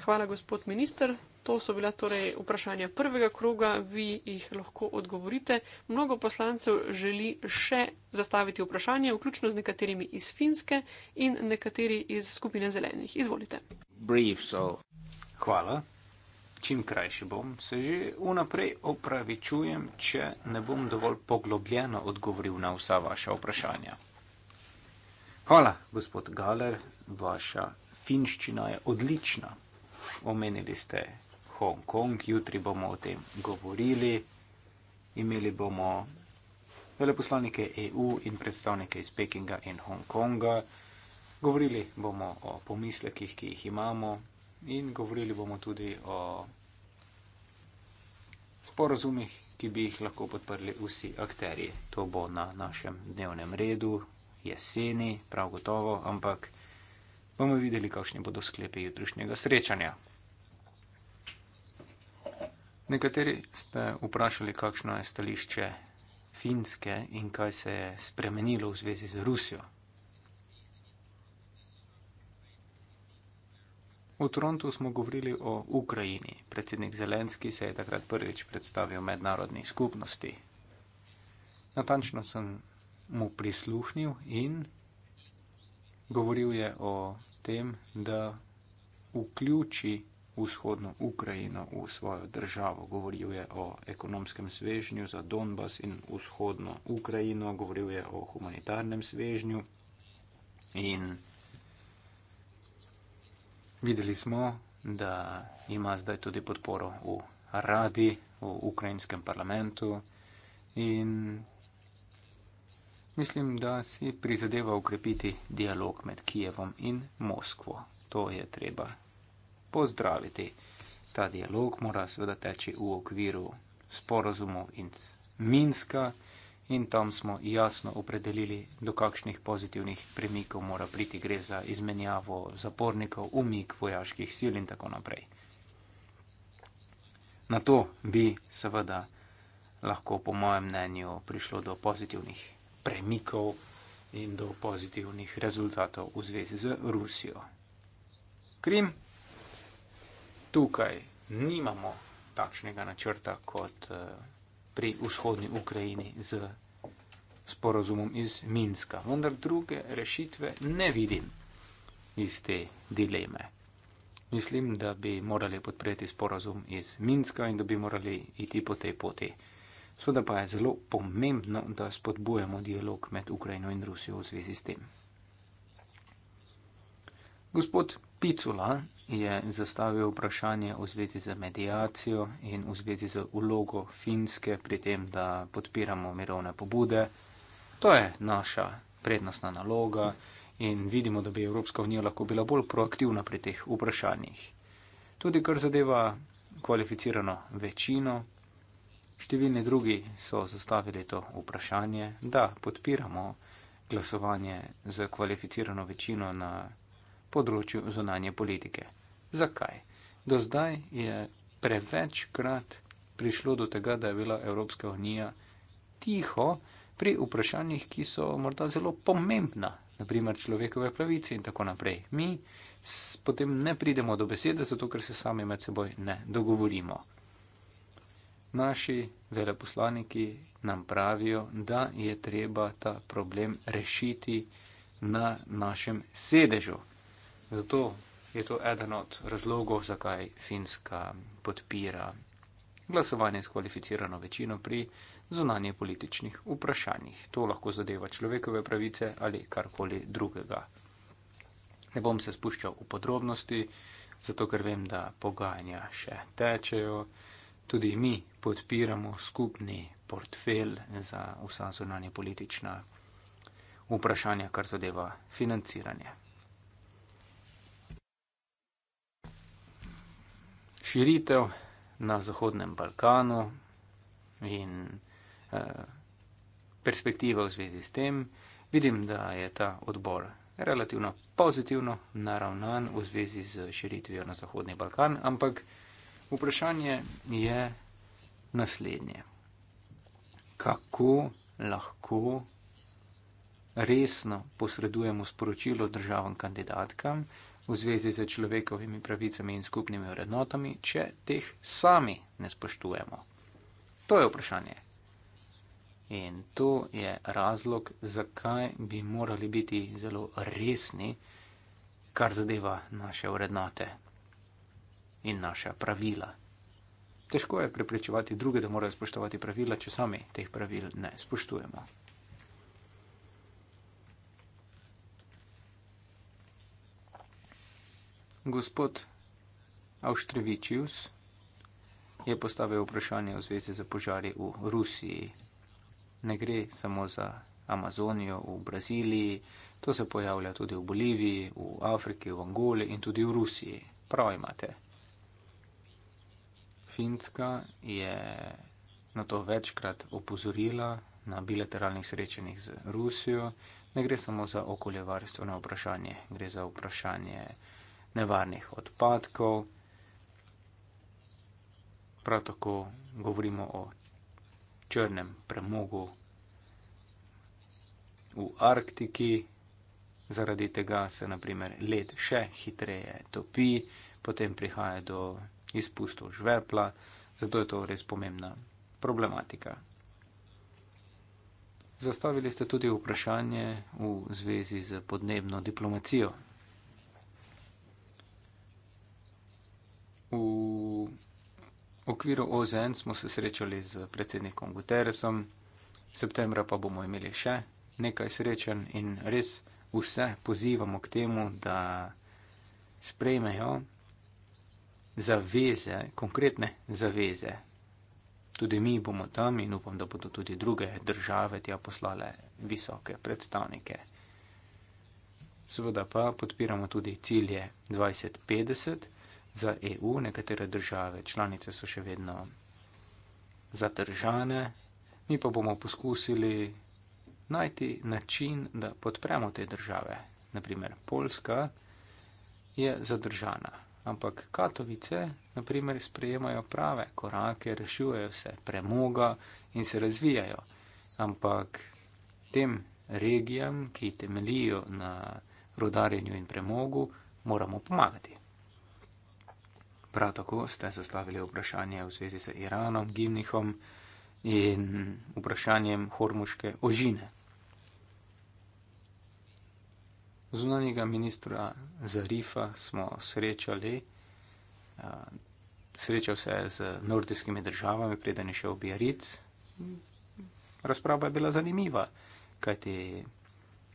Hvala, gospod minister. To so bila torej vprašanja prvega kroga, vi jih lahko odgovorite. Mnogo poslancev želi še zastaviti vprašanje, vključno z nekaterimi iz Finske in nekateri iz skupine zelenih. Izvolite. Brief, so... Hvala. Čim krajši bom, se že unaprej opravičujem, če ne bom dovolj poglobljeno odgovoril na vsa vaša vprašanja. Hvala, gospod Galer, vaša finščina je odlična omenili ste Hongkong, jutri bomo o tem govorili. Imeli bomo veleposlanike EU in predstavnike iz Pekinga in Hongkonga. Govorili bomo o pomislekih, ki jih imamo in govorili bomo tudi o sporozumih, ki bi jih lahko podprli vsi akteri. To bo na našem dnevnem redu jeseni, prav gotovo, ampak bomo videli, kakšni bodo sklepi jutrišnjega srečanja. Nekateri ste vprašali, kakšno je stališče Finske in kaj se je spremenilo v zvezi z Rusijo. V Torontu smo govorili o Ukrajini. Predsednik Zelenski se je takrat prvič predstavil mednarodni skupnosti. Natančno sem mu prisluhnil in Govoril je o tem, da vključi vzhodno Ukrajino v svojo državo. Govoril je o ekonomskem svežnju za Donbas in vzhodno Ukrajino. Govoril je o humanitarnem svežnju. In videli smo, da ima zdaj tudi podporo v radi, v ukrajinskem parlamentu. In Mislim, da si prizadeva ukrepiti dialog med Kijevom in Moskvo. To je treba pozdraviti. Ta dialog mora seveda teči v okviru sporozumov iz Minska in tam smo jasno opredelili, do kakšnih pozitivnih premikov mora priti, gre za izmenjavo zapornikov, umik vojaških sil in tako naprej. Na to bi seveda lahko, po mojem mnenju, prišlo do pozitivnih premikov premikov in do pozitivnih rezultatov v zvezi z Rusijo. Krim, tukaj nimamo takšnega načrta kot eh, pri vzhodni Ukrajini z sporozumom iz Minska, vendar druge rešitve ne vidim iz te dileme. Mislim, da bi morali podpreti sporozum iz Minska in da bi morali iti po tej poti. Sveda pa je zelo pomembno, da spodbujamo dialog med Ukrajino in Rusijo v zvezi s tem. Gospod Picula je zastavil vprašanje v zvezi z medijacijo in v zvezi z ulogo Finske pri tem, da podpiramo mirovne pobude. To je naša prednostna naloga in vidimo, da bi Evropska unija lahko bila bolj proaktivna pri teh vprašanjih. Tudi kar zadeva kvalificirano večino, Številni drugi so zastavili to vprašanje, da podpiramo glasovanje za kvalificirano večino na področju zunanje politike. Zakaj? Do zdaj je prevečkrat prišlo do tega, da je bila Evropska unija tiho pri vprašanjih, ki so morda zelo pomembna, naprimer človekove pravice in tako naprej. Mi potem ne pridemo do besede, zato ker se sami med seboj ne dogovorimo. Naši veleposlaniki nam pravijo, da je treba ta problem rešiti na našem sedežu. Zato je to eden od razlogov, zakaj Finska podpira glasovanje s kvalificirano večino pri zunanje političnih vprašanjih. To lahko zadeva človekove pravice ali karkoli drugega. Ne bom se spuščal v podrobnosti, zato ker vem, da pogajanja še tečejo tudi mi podpiramo skupni portfelj za vsa zunanje politična vprašanja, kar zadeva financiranje. Širitev na Zahodnem Balkanu in eh, perspektiva v zvezi s tem, vidim, da je ta odbor relativno pozitivno naravnan v zvezi z širitvijo na Zahodni Balkan, ampak Vprašanje je naslednje. Kako lahko resno posredujemo sporočilo državam kandidatkam v zvezi z človekovimi pravicami in skupnimi vrednotami, če teh sami ne spoštujemo? To je vprašanje. In to je razlog, zakaj bi morali biti zelo resni, kar zadeva naše vrednote, in naša pravila. Težko je preprečevati druge, da morajo spoštovati pravila, če sami teh pravil ne spoštujemo. Gospod Avštrevičius je postavil vprašanje v zvezi z požari v Rusiji. Ne gre samo za Amazonijo v Braziliji, to se pojavlja tudi v Boliviji, v Afriki, v Angoli in tudi v Rusiji. Prav imate. Finska je na to večkrat opozorila na bilateralnih srečanjih z Rusijo. Ne gre samo za okoljevarstveno vprašanje, gre za vprašanje nevarnih odpadkov. Prav tako govorimo o črnem premogu v Arktiki, zaradi tega se naprimer led še hitreje topi, potem prihaja do izpustov žvepla, zato je to res pomembna problematika. Zastavili ste tudi vprašanje v zvezi z podnebno diplomacijo. V okviru OZN smo se srečali z predsednikom Guterresom, septembra pa bomo imeli še nekaj srečen in res vse pozivamo k temu, da sprejmejo zaveze, konkretne zaveze. Tudi mi bomo tam in upam, da bodo tudi druge države tja poslale visoke predstavnike. Seveda pa podpiramo tudi cilje 2050 za EU. Nekatere države članice so še vedno zadržane. Mi pa bomo poskusili najti način, da podpremo te države. Naprimer, Poljska je zadržana. Ampak katovice, na primer, sprejemajo prave korake, rešujejo se premoga in se razvijajo. Ampak tem regijam, ki temelijo na rodarjenju in premogu, moramo pomagati. Prav tako ste zastavili vprašanje v zvezi z Iranom, Gimnihom in vprašanjem hormuške ožine. zunanjega ministra Zarifa smo srečali. Srečal se je z nordijskimi državami, preden je šel v Biarritz. Razprava je bila zanimiva, kajti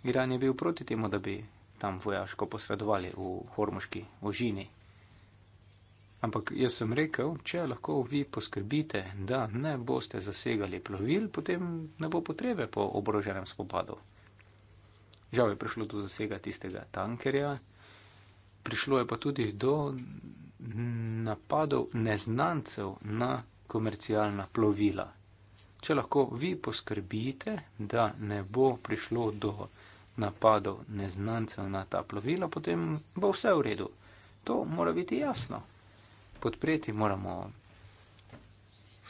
Iran je bil proti temu, da bi tam vojaško posredovali v hormoški ožini. Ampak jaz sem rekel, če lahko vi poskrbite, da ne boste zasegali plovil, potem ne bo potrebe po oboroženem spopadu. Žal je prišlo do zasega tistega tankerja, prišlo je pa tudi do napadov neznancev na komercialna plovila. Če lahko vi poskrbite, da ne bo prišlo do napadov neznancev na ta plovila, potem bo vse v redu. To mora biti jasno. Podpreti moramo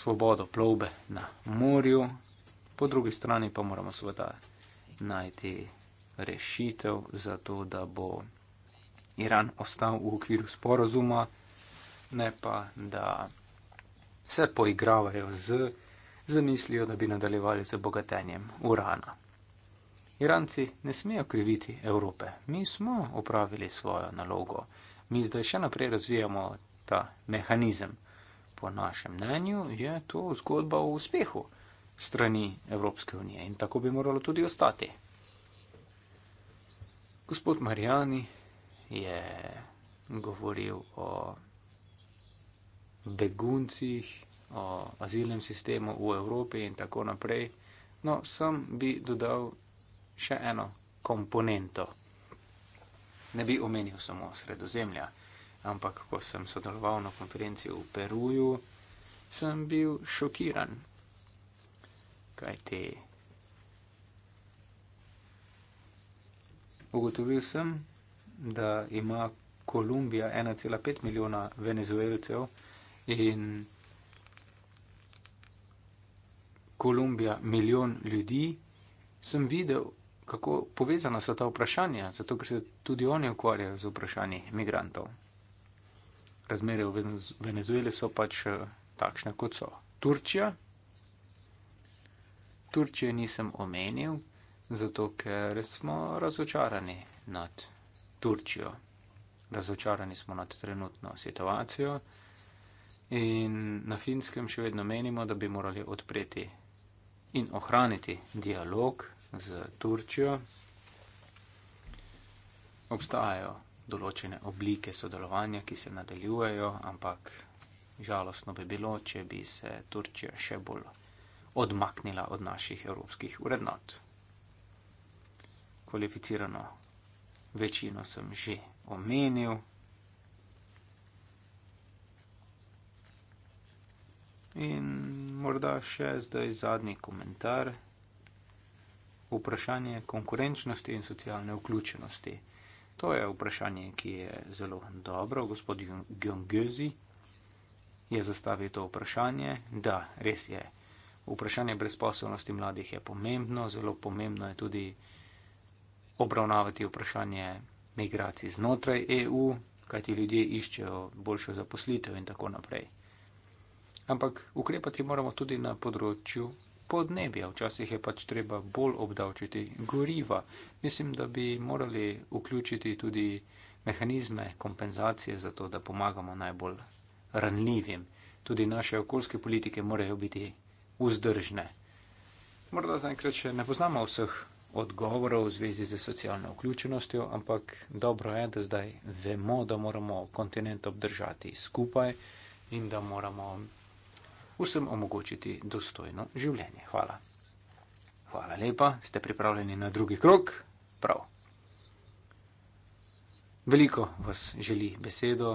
svobodo plovbe na morju, po drugi strani pa moramo seveda najti rešitev za to, da bo Iran ostal v okviru sporazuma, ne pa da se poigravajo z zamislijo, da bi nadaljevali z obogatenjem urana. Iranci ne smejo kriviti Evrope. Mi smo opravili svojo nalogo. Mi zdaj še naprej razvijamo ta mehanizem. Po našem mnenju je to zgodba o uspehu strani Evropske unije in tako bi moralo tudi ostati. Gospod Marijani je govoril o beguncih, o azilnem sistemu v Evropi in tako naprej. No, sem bi dodal še eno komponento. Ne bi omenil samo sredozemlja, ampak ko sem sodeloval na konferenci v Peruju, sem bil šokiran. Kaj ti? Te... Ugotovil sem, da ima Kolumbija 1,5 milijona venezuelcev in Kolumbija milijon ljudi. Sem videl, kako povezana so ta vprašanja, zato ker se tudi oni ukvarjajo z vprašanji imigrantov. Razmere v Venezueli so pač eh, takšne, kot so. Turčija. Turčijo nisem omenil, zato ker smo razočarani nad Turčijo. Razočarani smo nad trenutno situacijo in na finskem še vedno menimo, da bi morali odpreti in ohraniti dialog z Turčijo. Obstajajo določene oblike sodelovanja, ki se nadaljujejo, ampak žalostno bi bilo, če bi se Turčija še bolj odmaknila od naših evropskih urednot kvalificirano večino sem že omenil. In morda še zdaj zadnji komentar. Vprašanje konkurenčnosti in socialne vključenosti. To je vprašanje, ki je zelo dobro. Gospod Gjongjuzi je zastavil to vprašanje. Da, res je. Vprašanje brezposobnosti mladih je pomembno, zelo pomembno je tudi obravnavati vprašanje migracij znotraj EU, kajti ljudje iščejo boljšo zaposlitev in tako naprej. Ampak ukrepati moramo tudi na področju podnebja. Včasih je pač treba bolj obdavčiti goriva. Mislim, da bi morali vključiti tudi mehanizme kompenzacije za to, da pomagamo najbolj ranljivim. Tudi naše okoljske politike morajo biti vzdržne. Morda zaenkrat še ne poznamo vseh odgovorov v zvezi z socialno vključenostjo, ampak dobro je, da zdaj vemo, da moramo kontinent obdržati skupaj in da moramo vsem omogočiti dostojno življenje. Hvala. Hvala lepa, ste pripravljeni na drugi krok? Prav. Veliko vas želi besedo,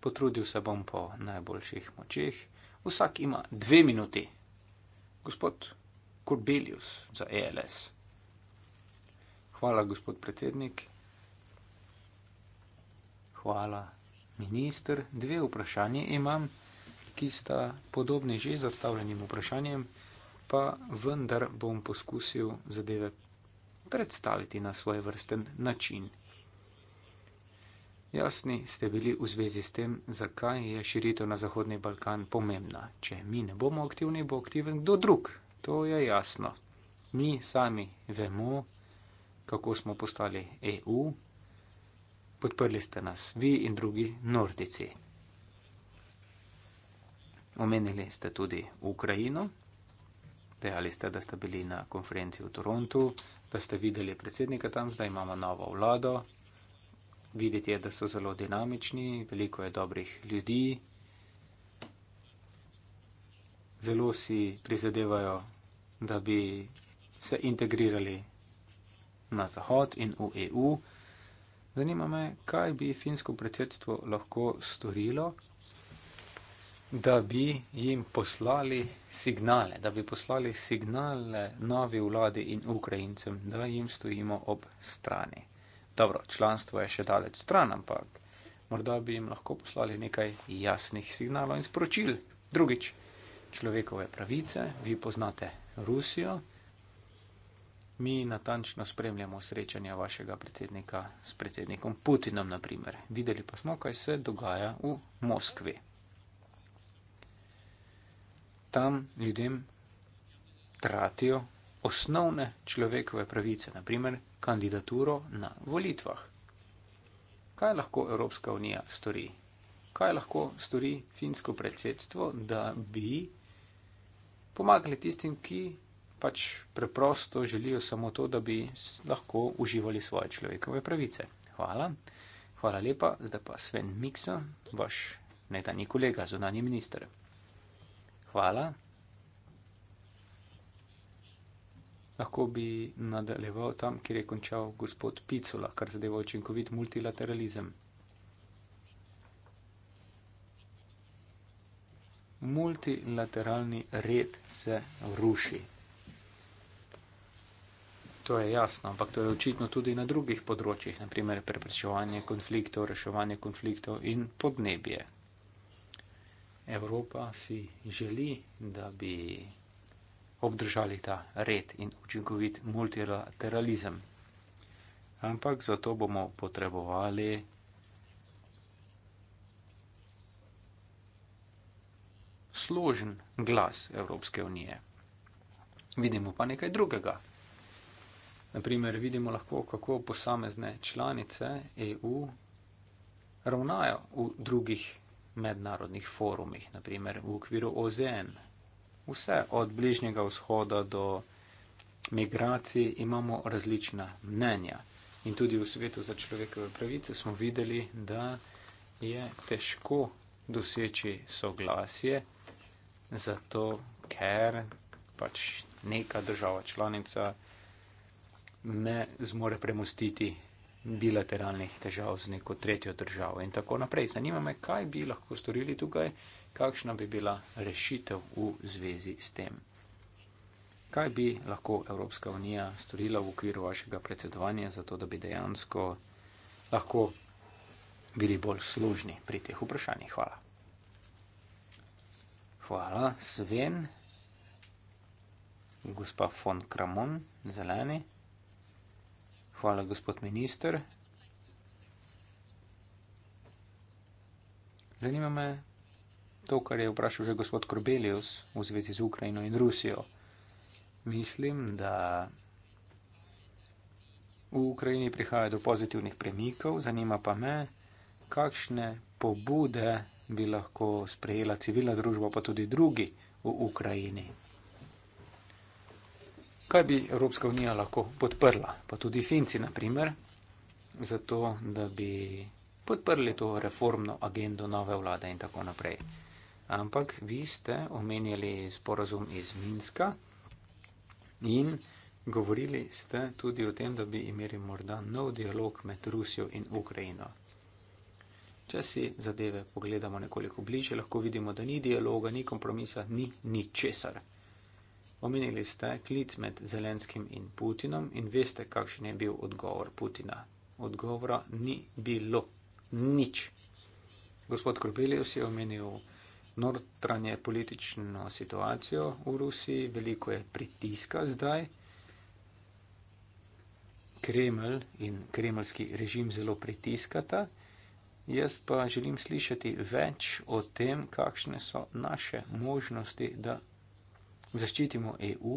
potrudil se bom po najboljših močeh. Vsak ima dve minuti. Gospod Kurbelius za ELS. Hvala, gospod predsednik. Hvala, minister. Dve vprašanje imam, ki sta podobni že zastavljenim vprašanjem, pa vendar bom poskusil zadeve predstaviti na svoj vrsten način. Jasni ste bili v zvezi s tem, zakaj je širitev na Zahodni Balkan pomembna. Če mi ne bomo aktivni, bo aktiven kdo drug. To je jasno. Mi sami vemo, kako smo postali EU, podprli ste nas vi in drugi nordici. Omenili ste tudi Ukrajino, dejali ste, da ste bili na konferenci v Torontu, da ste videli predsednika tam, zdaj imamo novo vlado. Videti je, da so zelo dinamični, veliko je dobrih ljudi, zelo si prizadevajo, da bi se integrirali na zahod in v EU. Zanima me, kaj bi finsko predsedstvo lahko storilo, da bi jim poslali signale, da bi poslali signale novi vladi in Ukrajincem, da jim stojimo ob strani. Dobro, članstvo je še daleč stran, ampak morda bi jim lahko poslali nekaj jasnih signalov in sporočil. Drugič, človekove pravice, vi poznate Rusijo, Mi natančno spremljamo srečanja vašega predsednika s predsednikom Putinom, naprimer. Videli pa smo, kaj se dogaja v Moskvi. Tam ljudem tratijo osnovne človekove pravice, naprimer kandidaturo na volitvah. Kaj lahko Evropska unija stori? Kaj lahko stori finsko predsedstvo, da bi pomagali tistim, ki pač preprosto želijo samo to, da bi lahko uživali svoje človekove pravice. Hvala. Hvala lepa, zdaj pa Sven Miksa, vaš nekdanji kolega, zunanji minister. Hvala. Lahko bi nadaljeval tam, kjer je končal gospod Picula, kar zadeva učinkovit multilateralizem. Multilateralni red se ruši. To je jasno, ampak to je očitno tudi na drugih področjih, naprimer preprečevanje konfliktov, reševanje konfliktov in podnebje. Evropa si želi, da bi obdržali ta red in učinkovit multilateralizem. Ampak zato bomo potrebovali složen glas Evropske unije. Vidimo pa nekaj drugega. Naprimer, vidimo lahko, kako posamezne članice EU ravnajo v drugih mednarodnih forumih, naprimer v okviru OZN. Vse od bližnjega vzhoda do migracij imamo različna mnenja. In tudi v svetu za človekove pravice smo videli, da je težko doseči soglasje, zato ker pač neka država članica ne zmore premustiti bilateralnih težav z neko tretjo državo in tako naprej. Zanima me, kaj bi lahko storili tukaj, kakšna bi bila rešitev v zvezi s tem. Kaj bi lahko Evropska unija storila v okviru vašega predsedovanja, zato da bi dejansko lahko bili bolj služni pri teh vprašanjih? Hvala. Hvala, Sven, gospa von Kramon, zeleni. Hvala, gospod minister. Zanima me to, kar je vprašal že gospod Korbelius v zvezi z Ukrajino in Rusijo. Mislim, da v Ukrajini prihaja do pozitivnih premikov, zanima pa me, kakšne pobude bi lahko sprejela civilna družba, pa tudi drugi v Ukrajini kaj bi Evropska unija lahko podprla, pa tudi Finci, naprimer, zato, da bi podprli to reformno agendo nove vlade in tako naprej. Ampak vi ste omenjali sporazum iz Minska in govorili ste tudi o tem, da bi imeli morda nov dialog med Rusijo in Ukrajino. Če si zadeve pogledamo nekoliko bliže, lahko vidimo, da ni dialoga, ni kompromisa, ni ničesar. Omenili ste klic med Zelenskim in Putinom in veste, kakšen je bil odgovor Putina. Odgovora ni bilo nič. Gospod Korbelius je omenil notranje politično situacijo v Rusiji, veliko je pritiska zdaj. Kreml in kremljski režim zelo pritiskata. Jaz pa želim slišati več o tem, kakšne so naše možnosti, da zaščitimo EU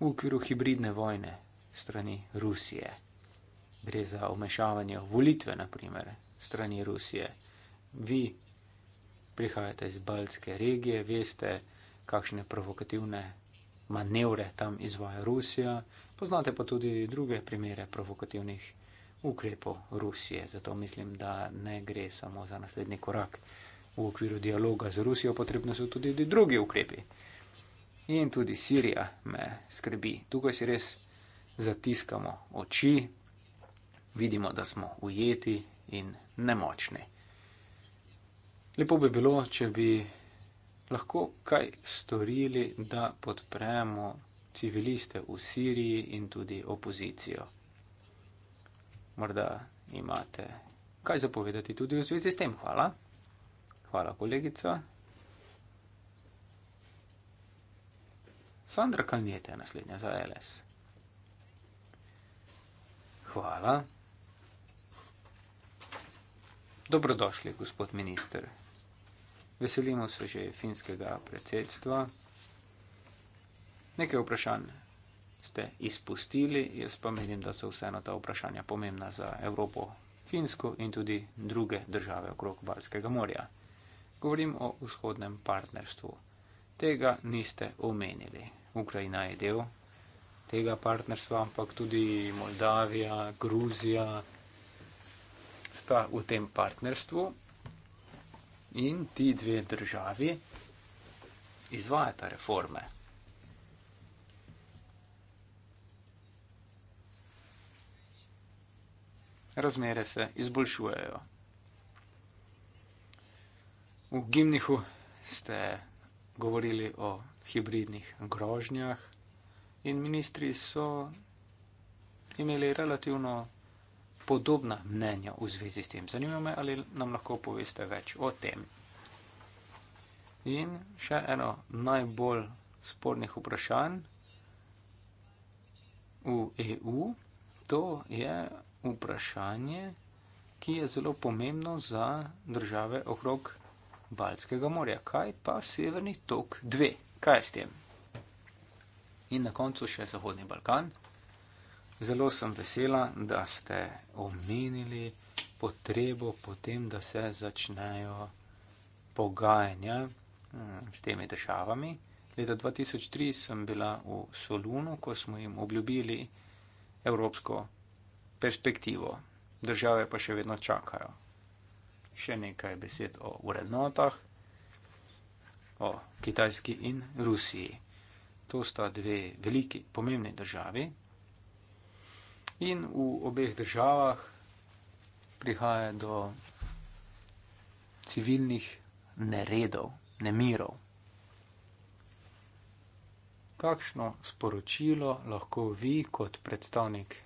v okviru hibridne vojne strani Rusije. Gre za omešavanje volitve, naprimer, strani Rusije. Vi prihajate iz Baltske regije, veste, kakšne provokativne manevre tam izvaja Rusija, poznate pa tudi druge primere provokativnih ukrepov Rusije. Zato mislim, da ne gre samo za naslednji korak. V okviru dialoga z Rusijo potrebni so tudi drugi ukrepi in tudi Sirija me skrbi. Tukaj si res zatiskamo oči, vidimo, da smo ujeti in nemočni. Lepo bi bilo, če bi lahko kaj storili, da podpremo civiliste v Siriji in tudi opozicijo. Morda imate kaj zapovedati tudi v zvezi s tem. Hvala. Hvala, kolegica. Sandra Kalnjeta je naslednja za LS. Hvala. Dobrodošli, gospod minister. Veselimo se že finskega predsedstva. Nekaj vprašanj ste izpustili, jaz pa menim, da so vseeno ta vprašanja pomembna za Evropo, Finsko in tudi druge države okrog Balskega morja. Govorim o vzhodnem partnerstvu tega niste omenili. Ukrajina je del tega partnerstva, ampak tudi Moldavija, Gruzija sta v tem partnerstvu in ti dve državi izvajata reforme. Razmere se izboljšujejo. V Gimnihu ste govorili o hibridnih grožnjah in ministri so imeli relativno podobna mnenja v zvezi s tem. Zanima me, ali nam lahko poveste več o tem. In še eno najbolj spornih vprašanj v EU, to je vprašanje, ki je zelo pomembno za države okrog Baltskega morja, kaj pa Severni tok 2, kaj s tem? In na koncu še Zahodni Balkan. Zelo sem vesela, da ste omenili potrebo potem, da se začnejo pogajanja hm, s temi državami. Leta 2003 sem bila v Solunu, ko smo jim obljubili evropsko perspektivo. Države pa še vedno čakajo še nekaj besed o vrednotah, o Kitajski in Rusiji. To sta dve veliki, pomembni državi in v obeh državah prihaja do civilnih neredov, nemirov. Kakšno sporočilo lahko vi kot predstavnik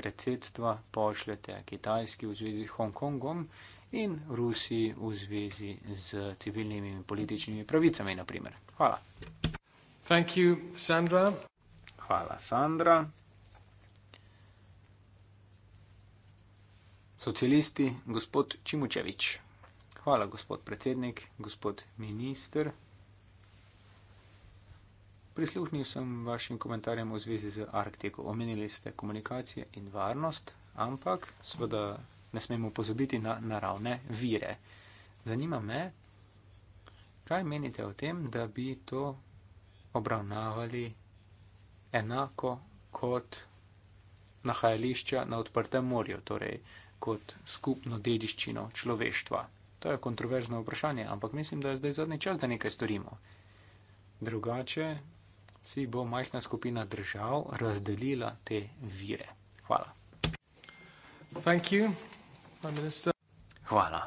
predsedstva pošljete Kitajski v zvezi s Hongkongom in Rusiji v zvezi z civilnimi in političnimi pravicami. Naprimer. Hvala. Thank you, Sandra. Hvala, Sandra. Socialisti, gospod Čimučevič. Hvala, gospod predsednik, gospod minister. Prisluhnil sem vašim komentarjem v zvezi z Arktiko. Omenili ste komunikacije in varnost, ampak seveda ne smemo pozabiti na naravne vire. Zanima me, kaj menite o tem, da bi to obravnavali enako kot nahajališča na odprtem morju, torej kot skupno dediščino človeštva. To je kontroverzno vprašanje, ampak mislim, da je zdaj zadnji čas, da nekaj storimo. Drugače si bo majhna skupina držav razdelila te vire. Hvala. Thank you. Prime Minister. Hvala.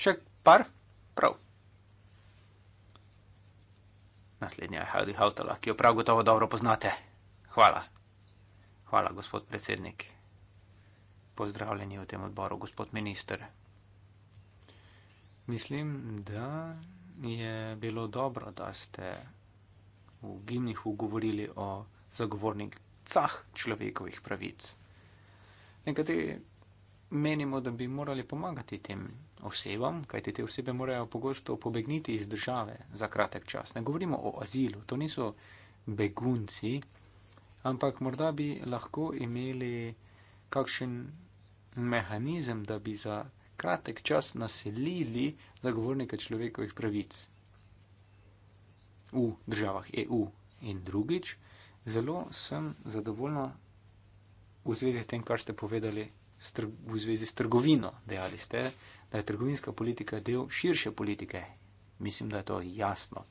Še par? Prav. Naslednja je Heidi Hautala, ki jo prav gotovo dobro poznate. Hvala. Hvala, gospod predsednik. Pozdravljeni v tem odboru, gospod minister. Mislim, da je bilo dobro, da ste v gimnih ugovorili o zagovornik pravicah človekovih pravic. Nekateri menimo, da bi morali pomagati tem osebam, kajti te osebe morajo pogosto pobegniti iz države za kratek čas. Ne govorimo o azilu, to niso begunci, ampak morda bi lahko imeli kakšen mehanizem, da bi za kratek čas naselili zagovornike človekovih pravic v državah EU in drugič. Zelo sem zadovoljna v zvezi s tem, kar ste povedali v zvezi s trgovino. Dejali ste, da je trgovinska politika del širše politike. Mislim, da je to jasno.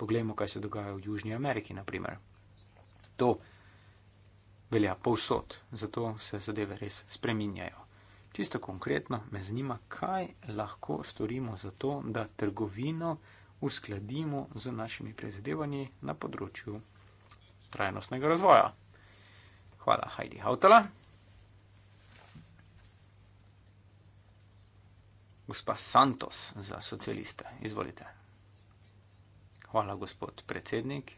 Poglejmo, kaj se dogaja v Južni Ameriki, naprimer. To velja povsod, zato se zadeve res spreminjajo. Čisto konkretno me zanima, kaj lahko storimo za to, da trgovino uskladimo z našimi prizadevanji na področju trajnostnega razvoja. Hvala, Heidi Hautala. Gospa Santos za socialiste, izvolite. Hvala, gospod predsednik.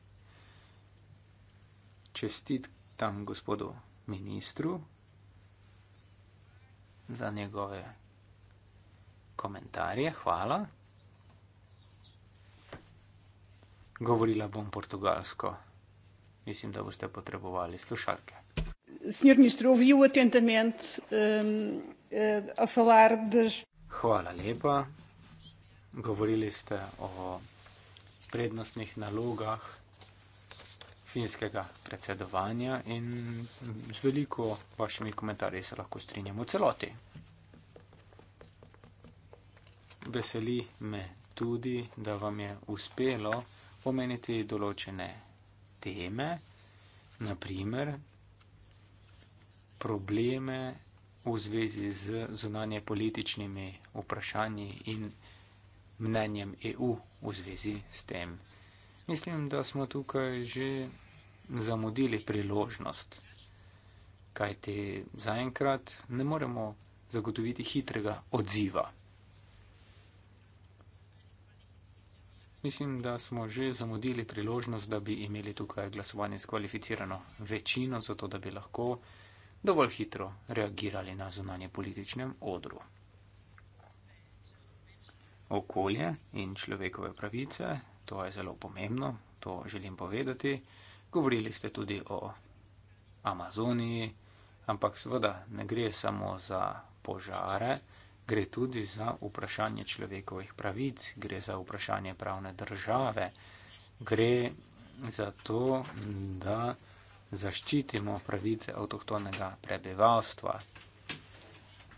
Čestitam gospodu ministru za njegove komentarje. Hvala. Govorila bom portugalsko mislim, da boste potrebovali slušalke. Senhor ministro, ouviu atentamente um, uh, a falar das. Hvala lepa. Govorili ste o prednostnih nalogah finskega predsedovanja in z veliko vašimi komentarji se lahko strinjamo v celoti. Veseli me tudi, da vam je uspelo omeniti določene teme, naprimer probleme v zvezi z zunanje političnimi vprašanji in mnenjem EU v zvezi s tem. Mislim, da smo tukaj že zamudili priložnost, kajti zaenkrat ne moremo zagotoviti hitrega odziva. Mislim, da smo že zamudili priložnost, da bi imeli tukaj glasovanje s kvalificirano večino, zato da bi lahko dovolj hitro reagirali na zunanje političnem odru. Okolje in človekove pravice, to je zelo pomembno, to želim povedati. Govorili ste tudi o Amazoniji, ampak seveda ne gre samo za požare gre tudi za vprašanje človekovih pravic, gre za vprašanje pravne države, gre za to, da zaščitimo pravice avtohtonega prebivalstva,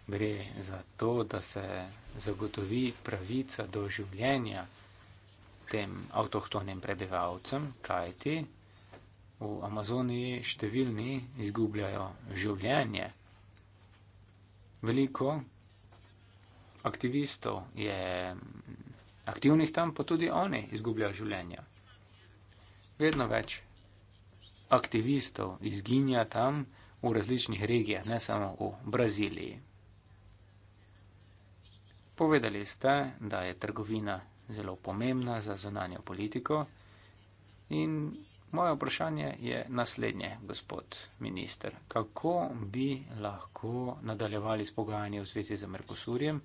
gre za to, da se zagotovi pravica do življenja tem avtohtonim prebivalcem, kajti v Amazoniji številni izgubljajo življenje. Veliko aktivistov je mm, aktivnih tam, pa tudi oni izgubljajo življenja. Vedno več aktivistov izginja tam v različnih regijah, ne samo v Braziliji. Povedali ste, da je trgovina zelo pomembna za zunanjo politiko in moje vprašanje je naslednje, gospod minister. Kako bi lahko nadaljevali s pogajanji v zvezi z Merkosurjem?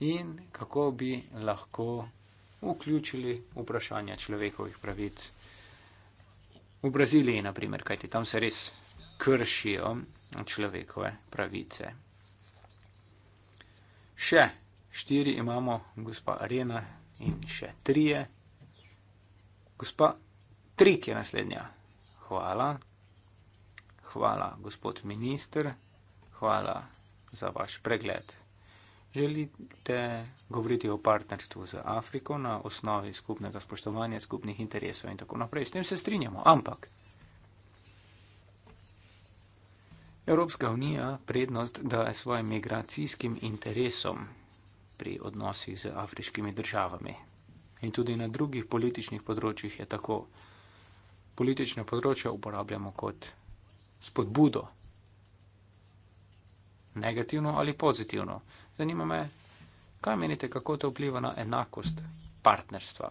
in kako bi lahko vključili vprašanja človekovih pravic v Braziliji, naprimer, kajti tam se res kršijo človekove pravice. Še štiri imamo, gospa Arena in še trije. Gospa Trik je naslednja. Hvala. Hvala, gospod minister. Hvala za vaš pregled. Želite govoriti o partnerstvu z Afriko na osnovi skupnega spoštovanja, skupnih interesov in tako naprej. S tem se strinjamo, ampak Evropska unija prednost daje svojim migracijskim interesom pri odnosih z afriškimi državami. In tudi na drugih političnih področjih je tako. Politične področje uporabljamo kot spodbudo negativno ali pozitivno. Zanima me, kaj menite, kako to vpliva na enakost partnerstva.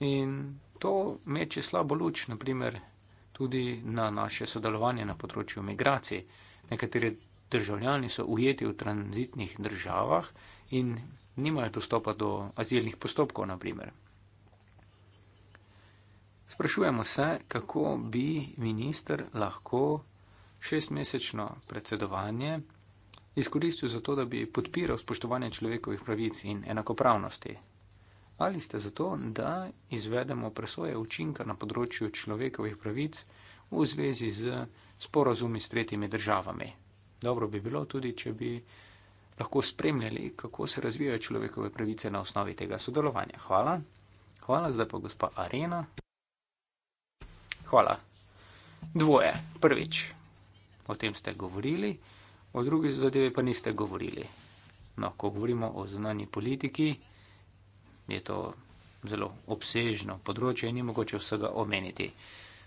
In to meče slabo luč, naprimer, tudi na naše sodelovanje na področju migracij. Nekateri državljani so ujeti v tranzitnih državah in nimajo dostopa do azilnih postopkov, naprimer. Sprašujemo se, kako bi minister lahko šestmesečno predsedovanje izkoristil za to, da bi podpiral spoštovanje človekovih pravic in enakopravnosti? Ali ste za to, da izvedemo presoje učinka na področju človekovih pravic v zvezi z sporozumi s tretjimi državami? Dobro bi bilo tudi, če bi lahko spremljali, kako se razvijajo človekove pravice na osnovi tega sodelovanja. Hvala. Hvala, zdaj pa gospa Arena. Hvala. Dvoje. Prvič o tem ste govorili, o drugi zadevi pa niste govorili. No, ko govorimo o zunanji politiki, je to zelo obsežno področje in ni mogoče vsega omeniti.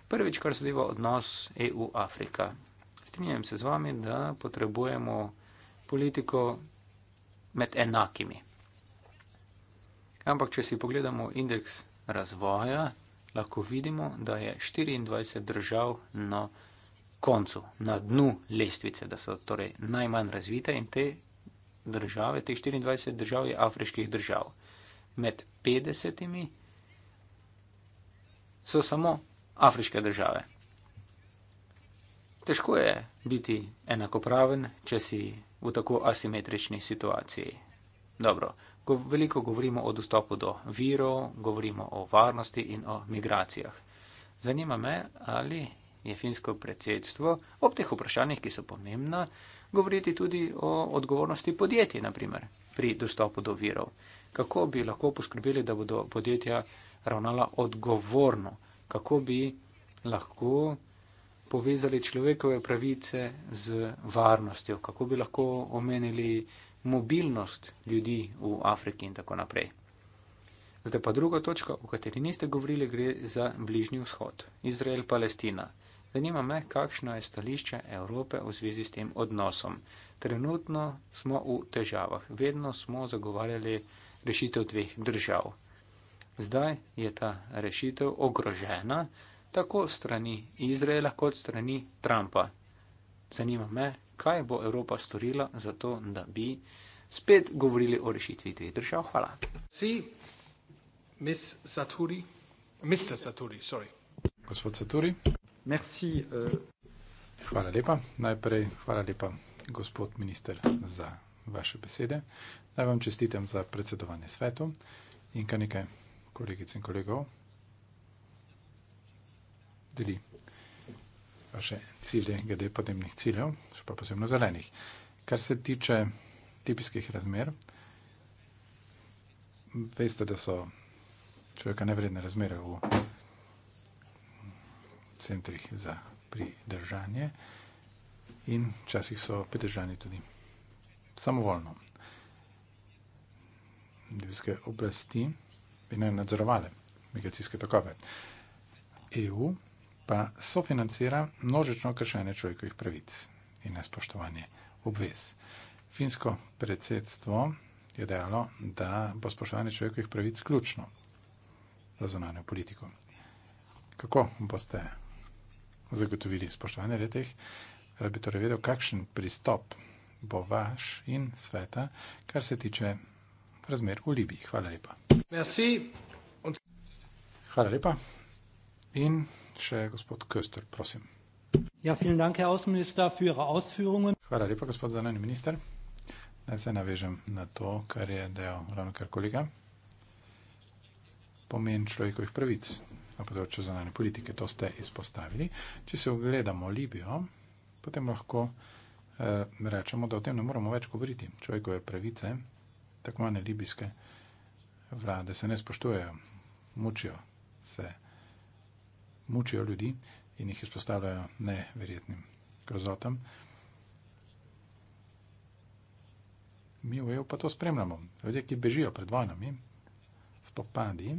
Prvič, kar zadeva odnos EU-Afrika. Strinjam se z vami, da potrebujemo politiko med enakimi. Ampak, če si pogledamo indeks razvoja, lahko vidimo, da je 24 držav na koncu, na dnu lestvice, da so torej najmanj razvite in te države, teh 24 držav je afriških držav. Med 50 so samo afriške države. Težko je biti enakopraven, če si v tako asimetrični situaciji. Dobro, ko veliko govorimo o dostopu do virov, govorimo o varnosti in o migracijah. Zanima me, ali je finsko predsedstvo ob teh vprašanjih, ki so pomembna, govoriti tudi o odgovornosti podjetij, naprimer pri dostopu do virov. Kako bi lahko poskrbeli, da bodo podjetja ravnala odgovorno, kako bi lahko povezali človekove pravice z varnostjo, kako bi lahko omenili mobilnost ljudi v Afriki in tako naprej. Zdaj pa druga točka, o kateri niste govorili, gre za Bližnji vzhod, Izrael, Palestina. Zanima me, kakšno je stališče Evrope v zvezi s tem odnosom. Trenutno smo v težavah. Vedno smo zagovarjali rešitev dveh držav. Zdaj je ta rešitev ogrožena tako strani Izraela kot strani Trumpa. Zanima me, kaj bo Evropa storila za to, da bi spet govorili o rešitvi dveh držav. Hvala. Si, Miss Saturi. Mr. Saturi, sorry. Gospod Saturi. Merci. Euh. Hvala lepa. Najprej hvala lepa, gospod minister, za vaše besede. Naj vam čestitam za predsedovanje svetu in kar nekaj kolegic in kolegov deli vaše cilje glede podnebnih ciljev, še pa posebno zelenih. Kar se tiče tipijskih razmer, veste, da so človeka nevredne razmere v centrih za pridržanje in včasih so pridržani tudi samovoljno. Ljubljanske oblasti bi naj nadzorovali migracijske tokove. EU pa sofinancira množično kršenje človekovih pravic in nespoštovanje obvez. Finsko predsedstvo je dejalo, da bo spoštovanje človekovih pravic ključno za zunanjo politiko. Kako boste zagotovili. Spoštovane reteh, rad bi torej vedel, kakšen pristop bo vaš in sveta, kar se tiče razmer v Libiji. Hvala lepa. Merci. Hvala lepa. In še gospod Köster, prosim. Ja, vielen Dank, Herr Außenminister, für Ihre Ausführungen. Hvala lepa, gospod zanani minister. Naj se navežem na to, kar je dejal ravno kar kolega. Pomen človekovih pravic na področju zonalne politike. To ste izpostavili. Če se ogledamo Libijo, potem lahko eh, rečemo, da o tem ne moramo več govoriti. Človekove pravice, tako manje libijske vlade, se ne spoštujejo, mučijo se, mučijo ljudi in jih izpostavljajo neverjetnim grozotam. Mi v EU pa to spremljamo. Ljudje, ki bežijo pred vojnami, spopadi,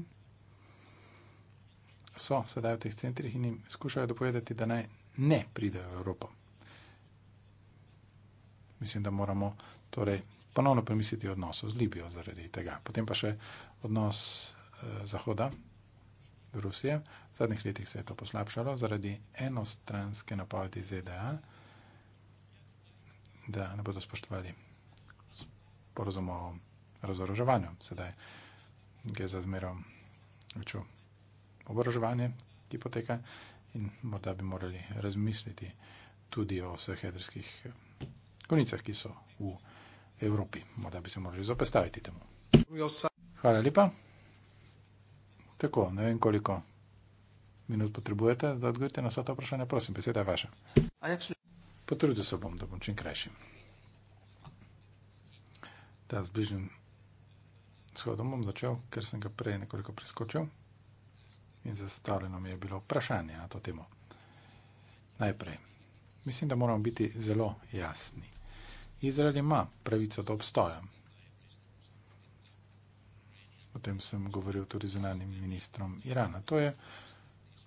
so sedaj v teh centrih in jim skušajo dopovedati, da naj ne pridejo v Evropo. Mislim, da moramo torej ponovno premisliti odnos z Libijo zaradi tega. Potem pa še odnos eh, Zahoda do Rusije. V zadnjih letih se je to poslabšalo zaradi enostranske napovedi ZDA, da ne bodo spoštovali porozumov o razoroževanju. Sedaj gre za zmerom večjo oboroževanje, ki poteka, in morda bi morali razmisliti tudi o vseh jedrskih eh, konicah, ki so v Evropi. Morda bi se morali zopestaviti temu. Hvala lepa. Tako, ne vem, koliko minut potrebujete, da odgovorite na vsa ta vprašanja. Prosim, beseda je vaša. Potrudil se bom, da bom čim krajši. Da, z bližnjim shodom bom začel, ker sem ga prej nekoliko preskočil in zastavljeno mi je bilo vprašanje na to temo. Najprej, mislim, da moramo biti zelo jasni. Izrael ima pravico, da obstoja. O tem sem govoril tudi z zunanim ministrom Irana. To je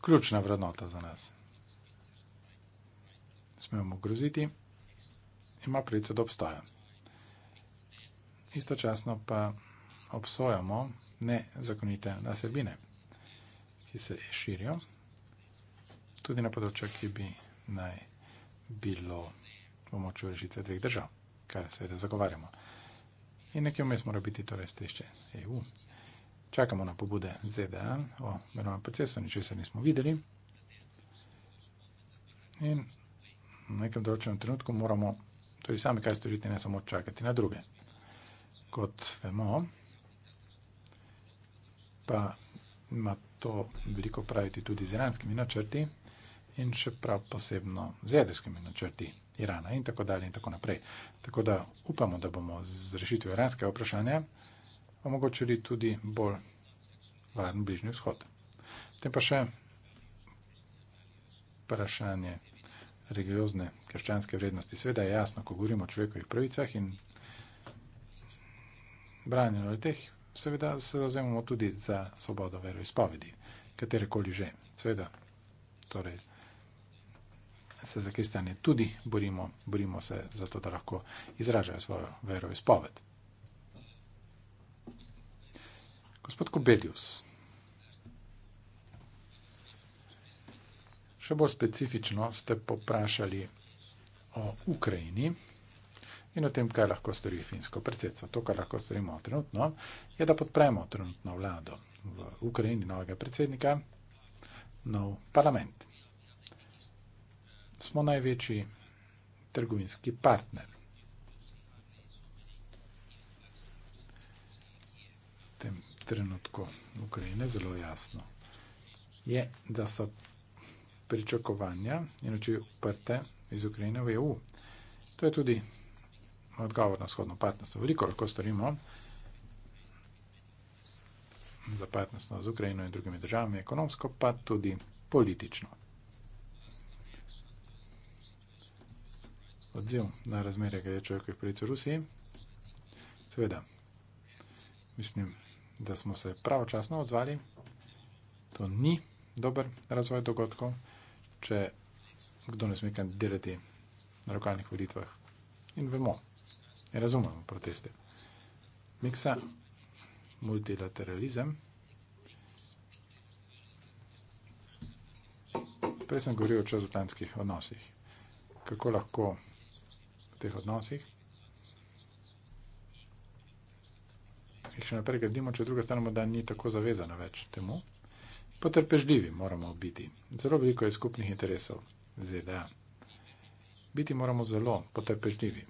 ključna vrednota za nas. Smejo mu groziti, ima pravico, da obstoja. Istočasno pa obsojamo nezakonite nasrbine ki se širijo, tudi na področju, ki bi naj bilo pomočjo rešitve dveh držav, kar seveda zagovarjamo. In nekje vmes mora biti torej strešče EU. Čakamo na pobude ZDA o mirovnem procesu, niče se nismo videli. In na nekem določenem trenutku moramo tudi sami kaj storiti, ne samo čakati na druge. Kot vemo, pa ima to veliko praviti tudi z iranskimi načrti in še prav posebno z jedrskimi načrti Irana in tako dalje in tako naprej. Tako da upamo, da bomo z rešitvijo iranskega vprašanja omogočili tudi bolj varen bližnji vzhod. Tem pa še vprašanje religiozne krščanske vrednosti. Sveda je jasno, ko govorimo o človekovih pravicah in branjeno je teh seveda se zauzemamo tudi za svobodo veroizpovedi, katere koli že. Seveda, torej, se za kristjane tudi borimo, borimo se za to, da lahko izražajo svojo veroizpoved. Gospod Kobelius, še bolj specifično ste poprašali o Ukrajini in o tem, kaj lahko stori finsko predsedstvo. To, kar lahko storimo trenutno, je, da podpremo trenutno vlado v Ukrajini, novega predsednika, nov parlament. Smo največji trgovinski partner. V tem trenutku Ukrajine zelo jasno je, da so pričakovanja in oči uprte iz Ukrajine v EU. To je tudi odgovor na shodno partnerstvo. Veliko lahko storimo za partnerstvo z Ukrajino in drugimi državami, ekonomsko pa tudi politično. Odziv na razmerje glede človekovih pravic v Rusiji. Seveda, mislim, da smo se pravočasno odzvali. To ni dober razvoj dogodkov, če kdo ne sme kandidirati na lokalnih volitvah. In vemo, Ja razumemo proteste. Miksa, multilateralizem. Prej sem govoril o čezatlantskih odnosih. Kako lahko v teh odnosih? Jih še naprej gradimo, če druga stanemo, da ni tako zavezana več temu. Potrpežljivi moramo biti. Zelo veliko je skupnih interesov ZDA. Biti moramo zelo potrpežljivi.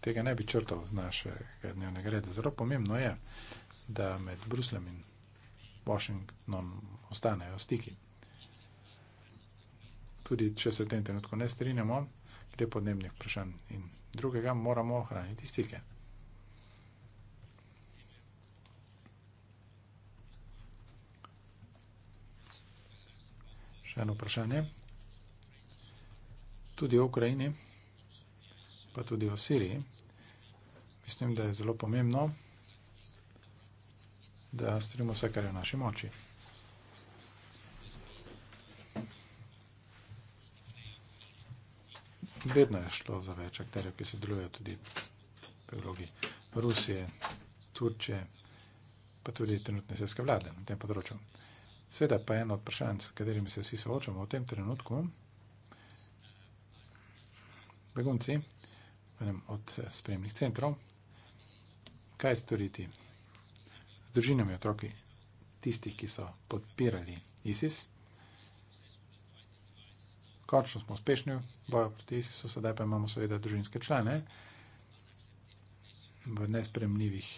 tega ne bi črtal z našega dnevnega reda. Zelo pomembno je, da med Bruslem in Washingtonom ostanejo stiki. Tudi če se v tem trenutku ne strinjamo, glede podnebnih vprašanj in drugega, moramo ohraniti stike. Še eno vprašanje. Tudi o Ukrajini pa tudi o Siriji. Mislim, da je zelo pomembno, da storimo vse, kar je v naši moči. Vedno je šlo za več akterjev, ki se delujejo tudi pri vlogi Rusije, Turčije, pa tudi trenutne svetske vlade na tem področju. Sveda pa eno od vprašanj, s katerimi se vsi soočamo v tem trenutku, begunci, enem od eh, spremnih centrov. Kaj storiti z družinami otroki tistih, ki so podpirali ISIS? Končno smo uspešni v boju proti ISIS-u, sedaj pa imamo seveda družinske člane v nespremljivih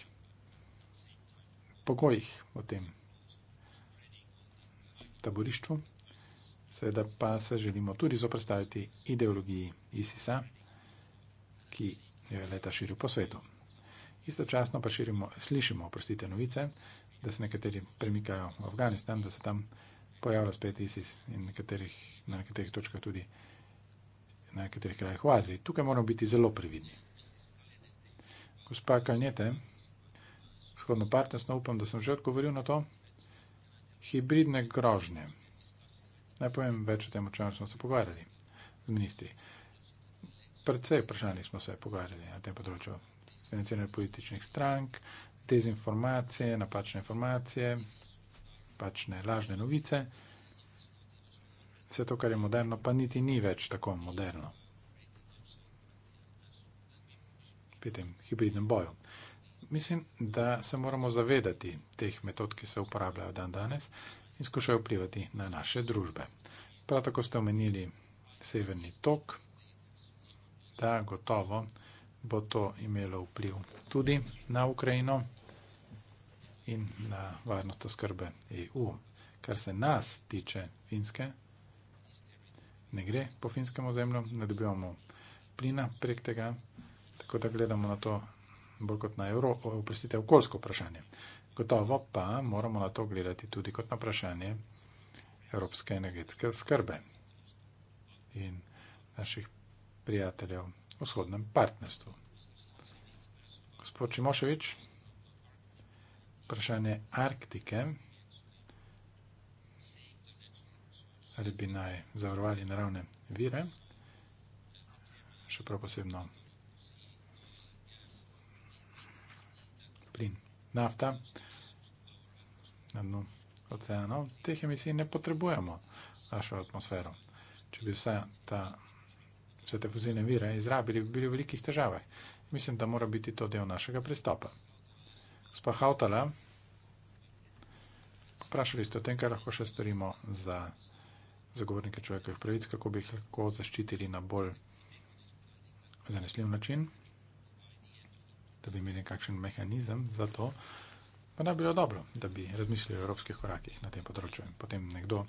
pokojih v tem taborišču. Seveda pa se želimo tudi zoprstaviti ideologiji ISIS-a ki leta širi po svetu. Istočasno pa širimo, slišimo oprostite, novice, da se nekateri premikajo v Afganistan, da se tam pojavlja spet ISIS in nekaterih, na nekaterih točkah tudi na nekaterih krajih v Aziji. Tukaj moramo biti zelo previdni. Gospa Kalnjete, vzhodno partnerstvo, upam, da sem že odgovoril na to. Hibridne grožnje. Naj povem več o tem, o čem smo se pogovarjali z ministri. Uh, precej vprašanj smo se pogovarjali na tem področju. Financiranje političnih strank, dezinformacije, napačne informacije, napačne lažne novice. Vse to, kar je moderno, pa niti ni več tako moderno. Pri tem hibridnem boju. Mislim, da se moramo zavedati teh metod, ki se uporabljajo dan danes in skušajo vplivati na naše družbe. Prav tako ste omenili severni tok da gotovo bo to imelo vpliv tudi na Ukrajino in na varnost oskrbe EU. Kar se nas tiče Finske, ne gre po finskem ozemlju, ne dobivamo plina prek tega, tako da gledamo na to bolj kot na evro, oprostite, okoljsko vprašanje. Gotovo pa moramo na to gledati tudi kot na vprašanje Evropske energetske skrbe in naših prijateljev v vzhodnem partnerstvu. Gospod Čimošević, vprašanje Arktike. Ali bi naj zavarovali naravne vire, še prav posebno plin, nafta na dnu oceanov, teh emisij ne potrebujemo našo atmosfero. Če bi vsa ta vse te fosilne vire izrabili, bi bili v velikih težavah. Mislim, da mora biti to del našega pristopa. Gospa Hautala, vprašali ste o tem, kaj lahko še storimo za zagovornike človekovih pravic, kako bi jih lahko zaščitili na bolj zanesljiv način, da bi imeli kakšen mehanizem za to. Pa naj bi bilo dobro, da bi razmislili o evropskih korakih na tem področju. Potem nekdo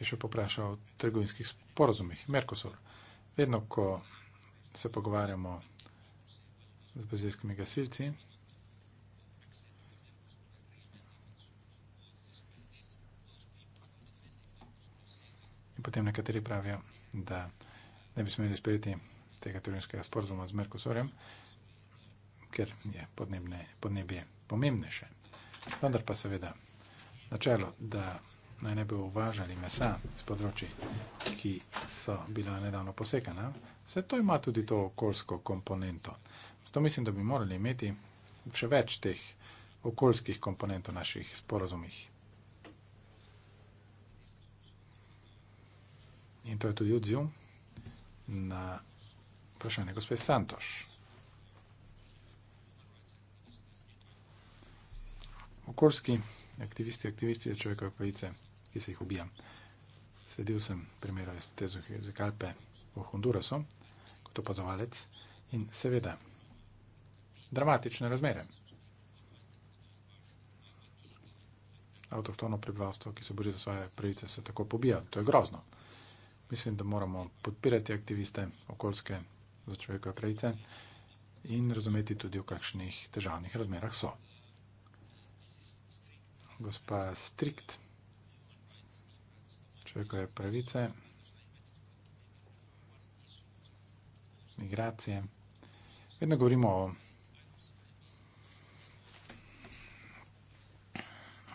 je še poprašal o trgovinskih sporozumih, Merkosur. Vedno, ko se pogovarjamo z brazilskimi gasilci, in potem nekateri pravijo, da ne bi smeli sprejeti tega turinskega sporozuma z Merkosorjem, ker je podnebne, podnebje pomembnejše. Vendar pa seveda, načelo, da naj ne bi uvažali mesa iz področji, ki so bila nedavno posekana, vse to ima tudi to okoljsko komponento. Zato mislim, da bi morali imeti še več teh okoljskih komponent v naših sporozumih. In to je tudi odziv na vprašanje gospe Santoš. Okoljski aktivisti, aktivisti človekove pravice ki se jih ubijam. Sledil sem primeru iz Tezuhe Kalpe v Hondurasu kot opazovalec in seveda dramatične razmere. Avtohtono prebivalstvo, ki se bori za svoje pravice, se tako pobija. To je grozno. Mislim, da moramo podpirati aktiviste okoljske za človekove pravice in razumeti tudi, v kakšnih težavnih razmerah so. Gospa Strikt človekove pravice, migracije. Vedno govorimo o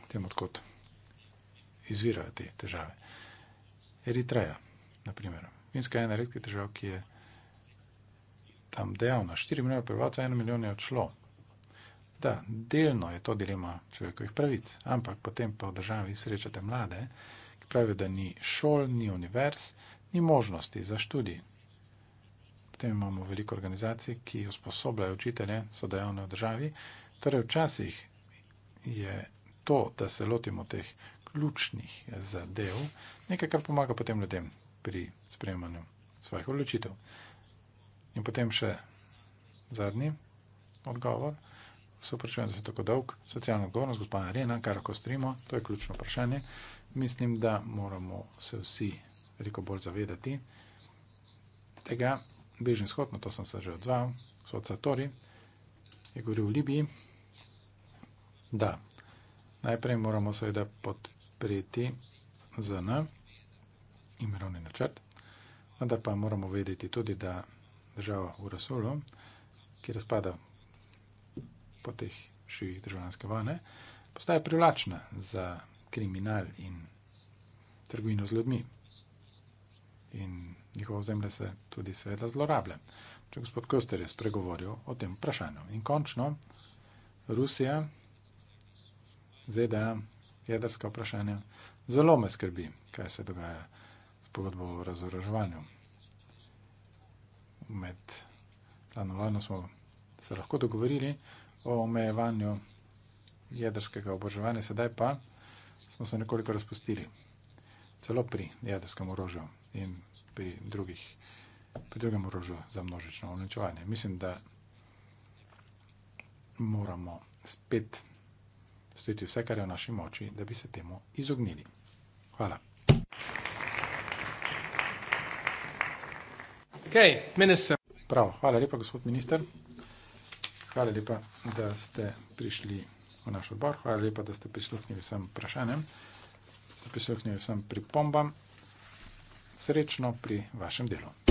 tem, odkot izvirajo te težave. Eritreja, na primer. Minska je ena redkih držav, ki je tam dejavna. 4 milijona prebivalcev, 1 milijon je odšlo. Da, delno je to dilema človekovih pravic, ampak potem pa v državi srečate mlade, pravijo, da ni šol, ni univerz, ni možnosti za študij. Potem imamo veliko organizacij, ki usposobljajo učitelje, so dejavne v državi. Torej, včasih je to, da se lotimo teh ključnih zadev, nekaj, kar pomaga potem ljudem pri sprejemanju svojih odločitev. In potem še zadnji odgovor. Se upravičujem, da se tako dolg. Socialna odgovornost, gospod Arena, kar lahko strimo, to je ključno vprašanje mislim, da moramo se vsi veliko bolj zavedati tega. Bližnji shod, na to sem se že odzval, shod Satori, je govoril v Libiji, da najprej moramo seveda podpreti ZN in mirovni načrt, vendar pa moramo vedeti tudi, da država v Rasulu, ki razpada po teh živih državljanske vojne, postaje privlačna za državljanske vojne, kriminal in trgovino z ljudmi. In njihovo zemljo se tudi seveda zlorablja. Če gospod Koster je spregovoril o tem vprašanju. In končno, Rusija, ZDA, jedrska vprašanja, zelo me skrbi, kaj se dogaja s pogodbo o razoroževanju. Med plano vojno smo se lahko dogovorili o omejevanju jedrskega oboževanja, sedaj pa smo se nekoliko razpustili, celo pri jedrskem orožju in pri, drugih, pri drugem orožju za množično uničevanje. Mislim, da moramo spet stojiti vse, kar je v naši moči, da bi se temu izognili. Hvala. Okay, Prav, hvala lepa, gospod minister. Hvala lepa, da ste prišli v naš odbor. Hvala lepa, da ste prisluhnili vsem vprašanjem, da ste prisluhnili vsem pripombam. Srečno pri vašem delu.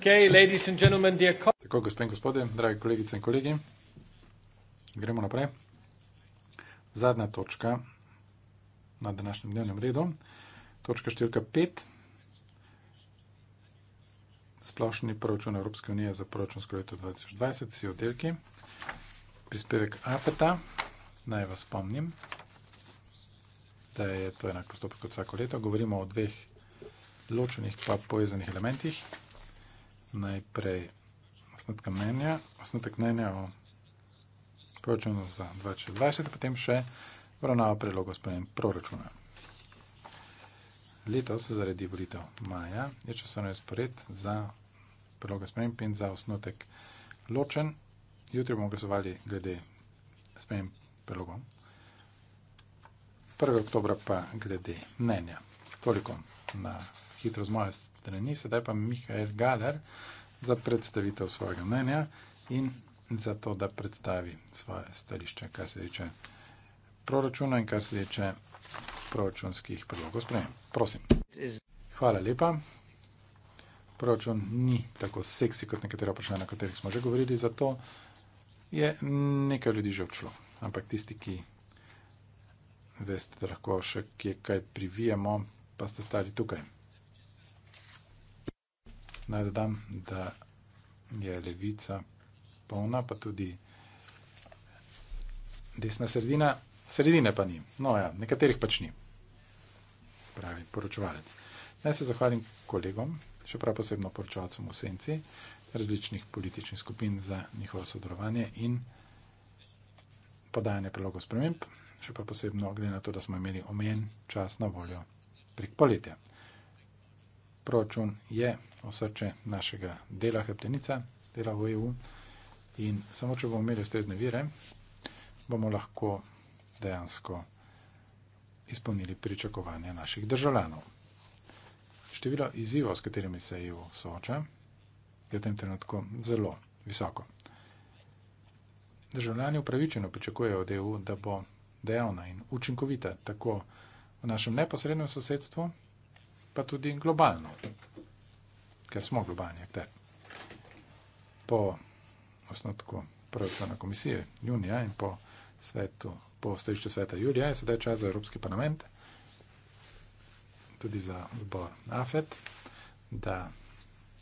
Okay, ladies and gentlemen, dear colleagues. Tako, gospod in gospodje, dragi kolegice in kolegi, gremo naprej. Zadnja točka na današnjem dnevnem redu, točka številka pet, splošni proračun Evropske unije za proračunsko leto 2020, vsi oddelki, prispevek APETA, naj vas spomnim, da je to enak postopek kot vsako leto, govorimo o dveh ločenih pa povezanih elementih najprej osnotka mnenja, osnotek mnenja o proračunu za 2020, potem še obravnava predlogov sprememb proračuna. Letos se zaradi volitev maja je časovni razpored za predloge sprememb in za osnotek ločen. Jutri bomo glasovali glede sprememb predlogov. 1. oktobra pa glede mnenja. Toliko na hitro z moje strani strani, sedaj pa Mihajl Galer za predstavitev svojega mnenja in za to, da predstavi svoje stališče, kar se tiče proračuna in kar se tiče proračunskih predlogov. Sprejem, prosim. Hvala lepa. Proračun ni tako seksi kot nekatera vprašanja, na katerih smo že govorili, zato je nekaj ljudi že odšlo. Ampak tisti, ki veste, da lahko še kje kaj privijemo, pa ste stali tukaj naj dodam, da je levica polna, pa tudi desna sredina, sredine pa ni. No, ja, nekaterih pač ni, pravi poročevalec. Naj se zahvalim kolegom, še prav posebno poročevalcem v senci različnih političnih skupin za njihovo sodelovanje in podajanje prilogov sprememb, še pa posebno glede na to, da smo imeli omen čas na voljo prek poletja proračun je osrče našega dela Hrbtenica, dela v EU in samo, če bomo imeli ustrezne vire, bomo lahko dejansko izpolnili pričakovanja naših državljanov. Število izzivov, s katerimi se EU sooča, je v tem trenutku zelo visoko. Državljani upravičeno pričakujejo od EU, da bo dejavna in učinkovita tako v našem neposrednem sosedstvu, pa tudi globalno, ker smo globalni akter. Po osnotku Pravoslavne komisije junija in po, svetu, po stališču sveta julija je sedaj čas za Evropski parlament, tudi za odbor AFET, da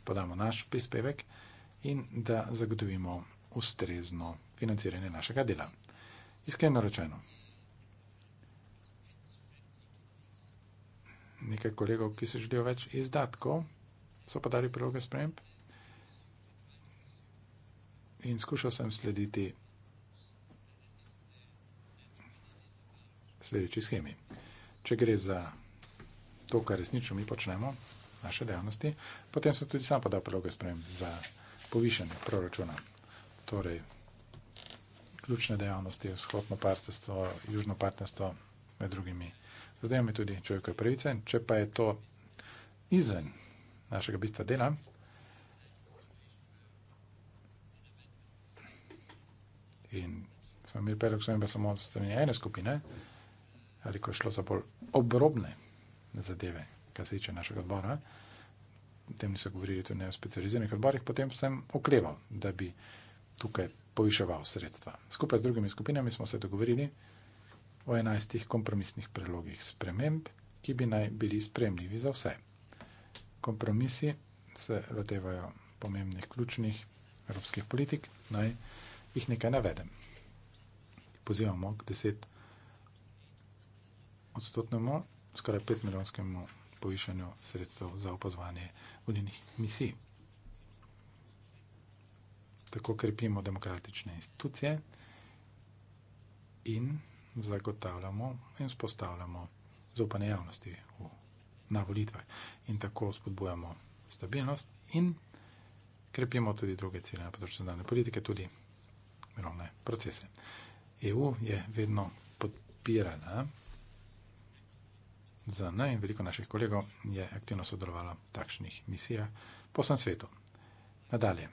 podamo naš prispevek in da zagotovimo ustrezno financiranje našega dela. Iskreno rečeno, nekaj kolegov, ki se želijo več izdatkov, so pa dali priloge sprememb. In skušal sem slediti sledeči schemi. Če gre za to, kar resnično mi počnemo, naše dejavnosti, potem sem tudi sam podal priloge sprememb za povišanje proračuna. Torej, ključne dejavnosti, vzhodno partnerstvo, južno partnerstvo med drugimi zdaj imamo tudi človekove pravice, če pa je to izven našega bistva dela, in smo imeli predlog, da samo strani ene skupine, ali ko je šlo za bolj obrobne zadeve, kar se tiče našega odbora, tem niso govorili tudi o specializiranih odborih, potem sem okreval, da bi tukaj poviševal sredstva. Skupaj z drugimi skupinami smo se dogovorili, da o enajstih kompromisnih predlogih sprememb, ki bi naj bili spremljivi za vse. Kompromisi se lotevajo pomembnih ključnih evropskih politik, naj jih nekaj navedem. Pozivamo k 10 odstotnemu, skoraj 5 milijonskemu povišanju sredstev za opazovanje vodilnih misij. Tako krepimo demokratične institucije in zagotavljamo in spostavljamo zaupanje javnosti v, na volitvah. In tako spodbujamo stabilnost in krepimo tudi druge cilje na področju zunanje politike, tudi mirovne procese. EU je vedno podpirala ZN in veliko naših kolegov je aktivno sodelovalo v takšnih misijah po vsem svetu. Nadalje,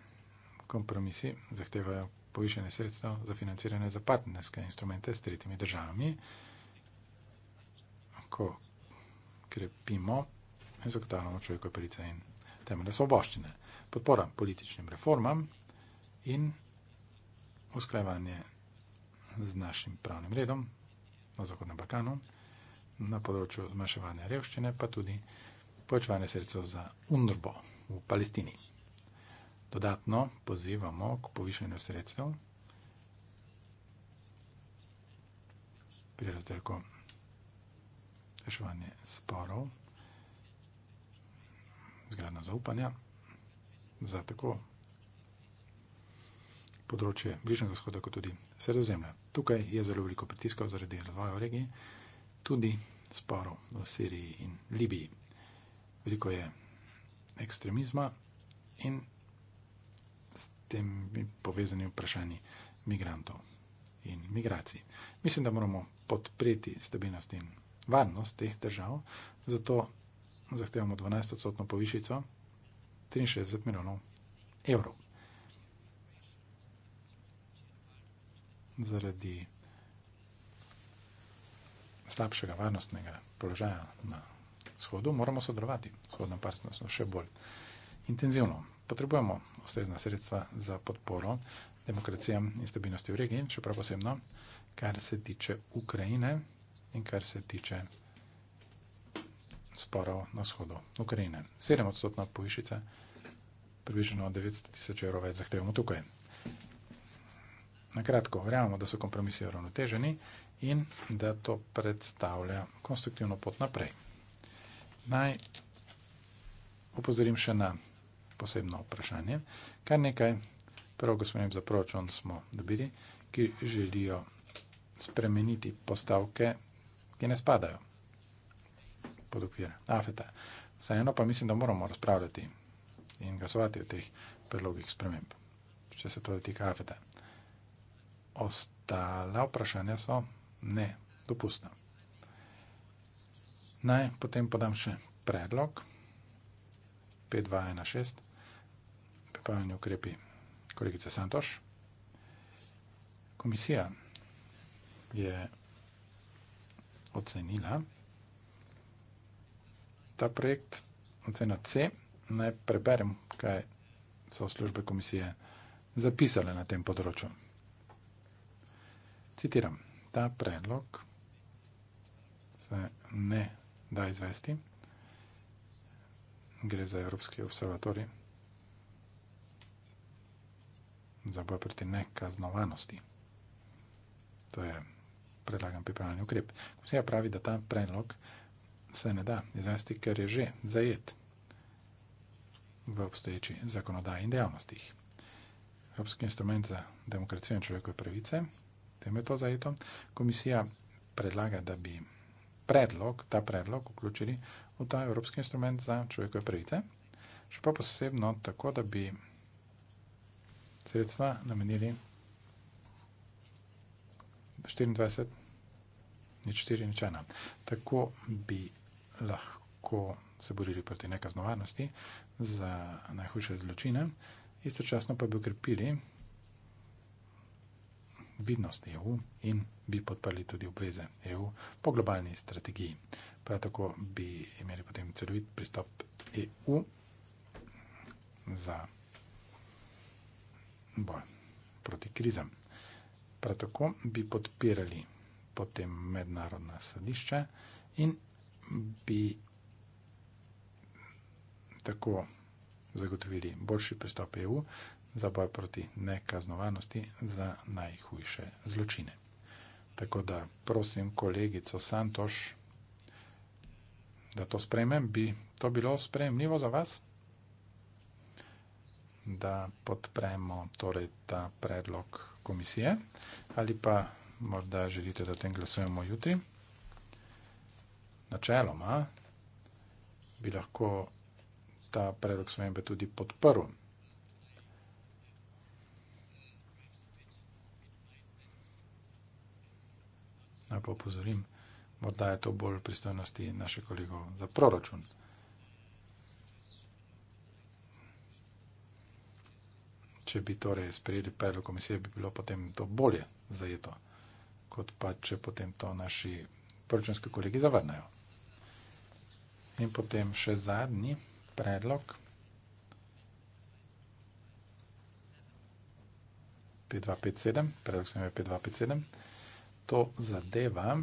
kompromisi zahtevajo povišene sredstva za financiranje za partnerske instrumente s tretjimi državami, ko krepimo in zagotavljamo človekove pravice in temeljne svoboščine, podpora političnim reformam in usklajevanje z našim pravnim redom na Zahodnem Balkanu, na področju zmanjševanja revščine, pa tudi povečevanje sredstva za UNRBO v Palestini dodatno pozivamo k povišanju sredstev pri razdelku reševanje sporov, zgradna zaupanja za tako področje bližnjega vzhoda, kot tudi sredozemlja. Tukaj je zelo veliko pritiskov zaradi razvoja v regiji, tudi sporov v Siriji in Libiji. Veliko je ekstremizma in temi povezanimi vprašanji migrantov in migracij. Mislim, da moramo podpreti stabilnost in varnost teh držav, zato zahtevamo 12-odstotno povišico 63 milijonov evrov. Zaradi slabšega varnostnega položaja na vzhodu moramo sodelovati s vzhodnim partnerstvom še bolj intenzivno potrebujemo ustrezna sredstva za podporo demokracijam in stabilnosti v regiji, še prav posebno, kar se tiče Ukrajine in kar se tiče sporov na vzhodu Ukrajine. 7 odstotna povišica, približno 900 tisoč evrov več zahtevamo tukaj. Na kratko, verjamemo, da so kompromisi uravnoteženi in da to predstavlja konstruktivno pot naprej. Naj opozorim še na posebno vprašanje. Kar nekaj, prvo, gospodin, za proračun smo dobili, ki želijo spremeniti postavke, ki ne spadajo pod okvir AFETA. Vseeno pa mislim, da moramo razpravljati in glasovati o teh predlogih sprememb, če se to tiče AFETA. Ostala vprašanja so ne dopustna. Naj potem podam še predlog 5216 črpalni ukrepi. Kolegica Santoš, komisija je ocenila ta projekt, ocena C. Naj preberem, kaj so službe komisije zapisale na tem področju. Citiram, ta predlog se ne da izvesti. Gre za Evropski observatorij za boj proti nekaznovanosti. To je predlagan pripravljeni ukrep. Komisija pravi, da ta predlog se ne da izvesti, ker je že zajet v obstoječi zakonodaji in dejavnostih. Evropski instrument za demokracijo in človekove pravice, tem je to zajeto. Komisija predlaga, da bi predlog, ta predlog vključili v ta Evropski instrument za človekove pravice, še pa posebno tako, da bi sredstva namenili 24, nič 4, nič 1. Tako bi lahko se borili proti nekaznovanosti za najhujše zločine, istočasno pa bi ukrepili vidnost EU in bi podprli tudi obveze EU po globalni strategiji. Prav tako bi imeli potem celovit pristop EU za bolj proti krizam. Prav tako bi podpirali potem mednarodna sodišča in bi tako zagotovili boljši pristop EU za boj proti nekaznovanosti za najhujše zločine. Tako da prosim kolegico Santoš, da to spremem, bi to bilo spremljivo za vas da podpremo torej ta predlog komisije ali pa morda želite, da o tem glasujemo jutri. Načeloma bi lahko ta predlog svembe tudi podprl. Naj pa opozorim, morda je to bolj pristojnosti naše kolegov za proračun. če bi torej sprejeli predlog komisije, bi bilo potem to bolje zajeto, kot pa če potem to naši proračunski kolegi zavrnejo. In potem še zadnji predlog. 5257, predlog se ime 5257, to zadeva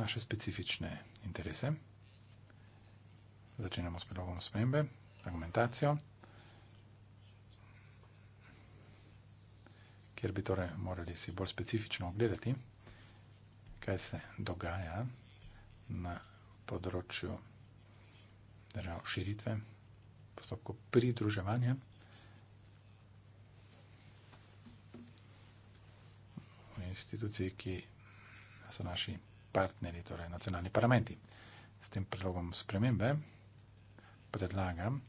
naše specifične interese. Začenjamo s predlogom spremembe, argumentacijo, kjer bi torej morali si bolj specifično ogledati, kaj se dogaja na področju držav širitve, postopku pridruževanja. Instituciji, ki so naši partnerji, torej nacionalni parlamenti. S tem predlogom spremembe predlagam,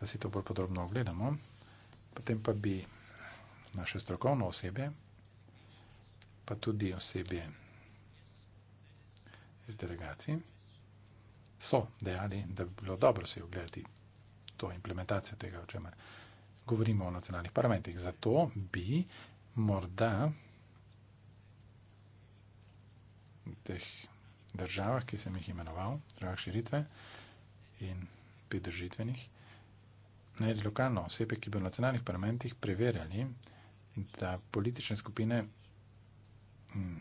da si to bolj podrobno ogledamo, potem pa bi naše strokovno osebje, pa tudi osebje iz delegacij, so dejali, da bi bilo dobro si ogledati to implementacijo tega, o čemer govorimo o nacionalnih parlamentih. Zato bi morda v teh državah, ki sem jih imenoval, državah širitve in pridržitvenih, najdi lokalno osebe, ki bi v nacionalnih parlamentih preverjali, da politične skupine, m, hm,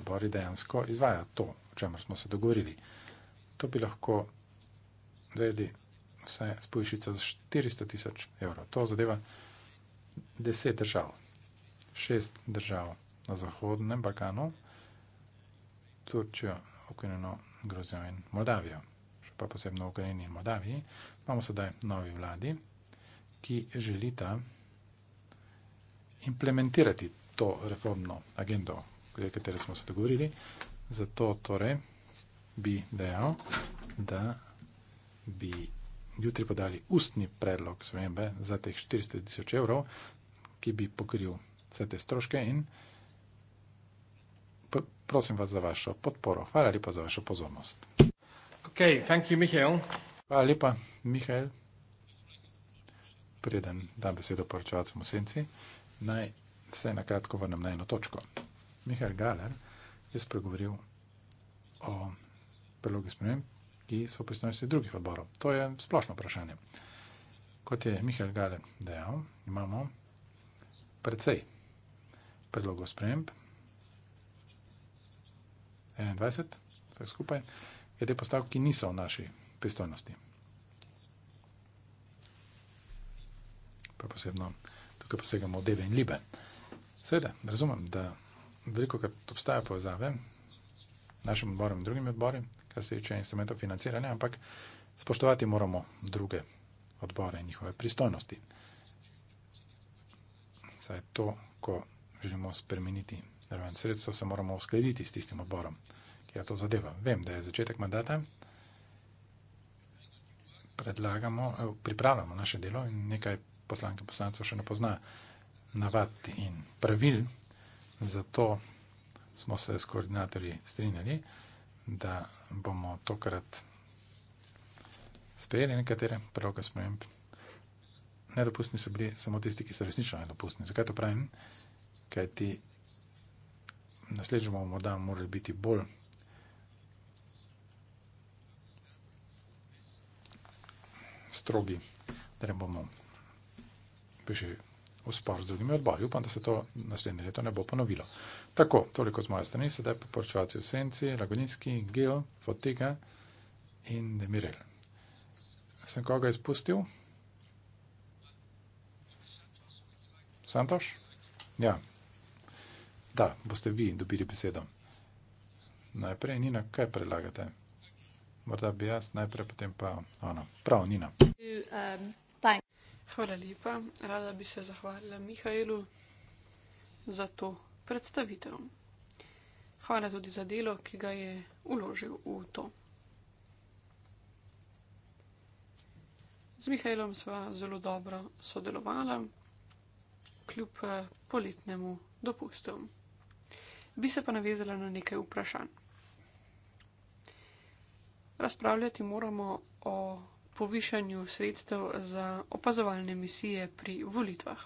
odbori dejansko izvajajo to, o čemer smo se dogovorili. To bi lahko dali vse spojišice za 400 tisoč evrov. To zadeva 10 držav, 6 držav na Zahodnem Balkanu, Turčijo, Ukrajino, Grozijo in Moldavijo pa posebno v Ukrajini in Moldaviji, imamo sedaj novi vladi, ki želita implementirati to reformno agendo, o kateri smo se dogovorili. Zato torej bi dejal, da bi jutri podali ustni predlog spremembe za teh 400 tisoč evrov, ki bi pokril vse te stroške in prosim vas za vašo podporo. Hvala lepa za vašo pozornost. Okay, thank you, Michael. Hvala lepa, Mihael. Preden dam besedo poročevalcem v senci, naj se na kratko vrnem na eno točko. Mihael Galer je spregovoril o predlogih sprememb, ki so v pristojnosti drugih odborov. To je splošno vprašanje. Kot je Mihael Galer dejal, imamo precej predlogov sprememb, 21, vse skupaj glede postavk, ki niso v naši pristojnosti. Pa posebno tukaj posegamo v deve in libe. Sveda, razumem, da veliko krat obstaja povezave našim odborom in drugim odborim, kar se tiče instrumentov financiranja, ampak spoštovati moramo druge odbore in njihove pristojnosti. Saj to, ko želimo spremeniti raven sredstva, se moramo uskladiti s tistim odborom ja to zadeva. Vem, da je začetek mandata, predlagamo, eh, pripravljamo naše delo in nekaj poslanke poslancev še ne pozna navad in pravil, zato smo se s koordinatorji strinjali, da bomo tokrat sprejeli nekatere preloke sprememb. Nedopustni so bili samo tisti, ki so resnično nedopustni. Zakaj to pravim? Kaj ti naslednji bomo morda morali biti bolj strogi, da ne bomo prišli v spor z drugimi odbori. Upam, da se to naslednje leto ne bo ponovilo. Tako, toliko z moje strani, sedaj pa poročavci v senci, Lagodinski, Gil, Fotiga in Demirel. Sem koga izpustil? Santoš? Ja. Da, boste vi dobili besedo. Najprej, Nina, kaj predlagate? Morda bi jaz najprej, potem pa ona. Prav, Nina. Hvala lepa. Rada bi se zahvalila Mihajlu za to predstavitev. Hvala tudi za delo, ki ga je uložil v to. Z Mihajlom sva zelo dobro sodelovala, kljub eh, poletnemu dopustu. Bi se pa navezala na nekaj vprašanj. Razpravljati moramo o povišanju sredstev za opazovalne misije pri volitvah.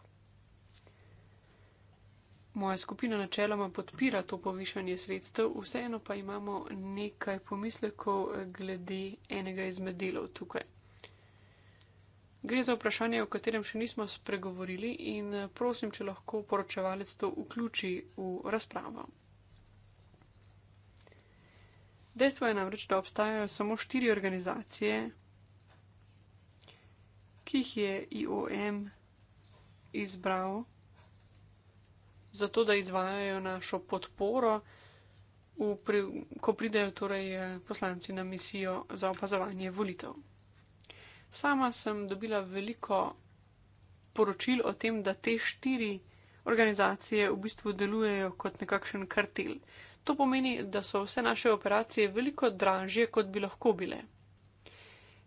Moja skupina načeloma podpira to povišanje sredstev, vseeno pa imamo nekaj pomislekov glede enega izmed delov tukaj. Gre za vprašanje, o katerem še nismo spregovorili in prosim, če lahko poročevalec to vključi v razpravo. Dejstvo je namreč, da obstajajo samo štiri organizacije, ki jih je IOM izbral za to, da izvajajo našo podporo, pri, ko pridejo torej eh, poslanci na misijo za opazovanje volitev. Sama sem dobila veliko poročil o tem, da te štiri organizacije v bistvu delujejo kot nekakšen kartel. To pomeni, da so vse naše operacije veliko dražje, kot bi lahko bile.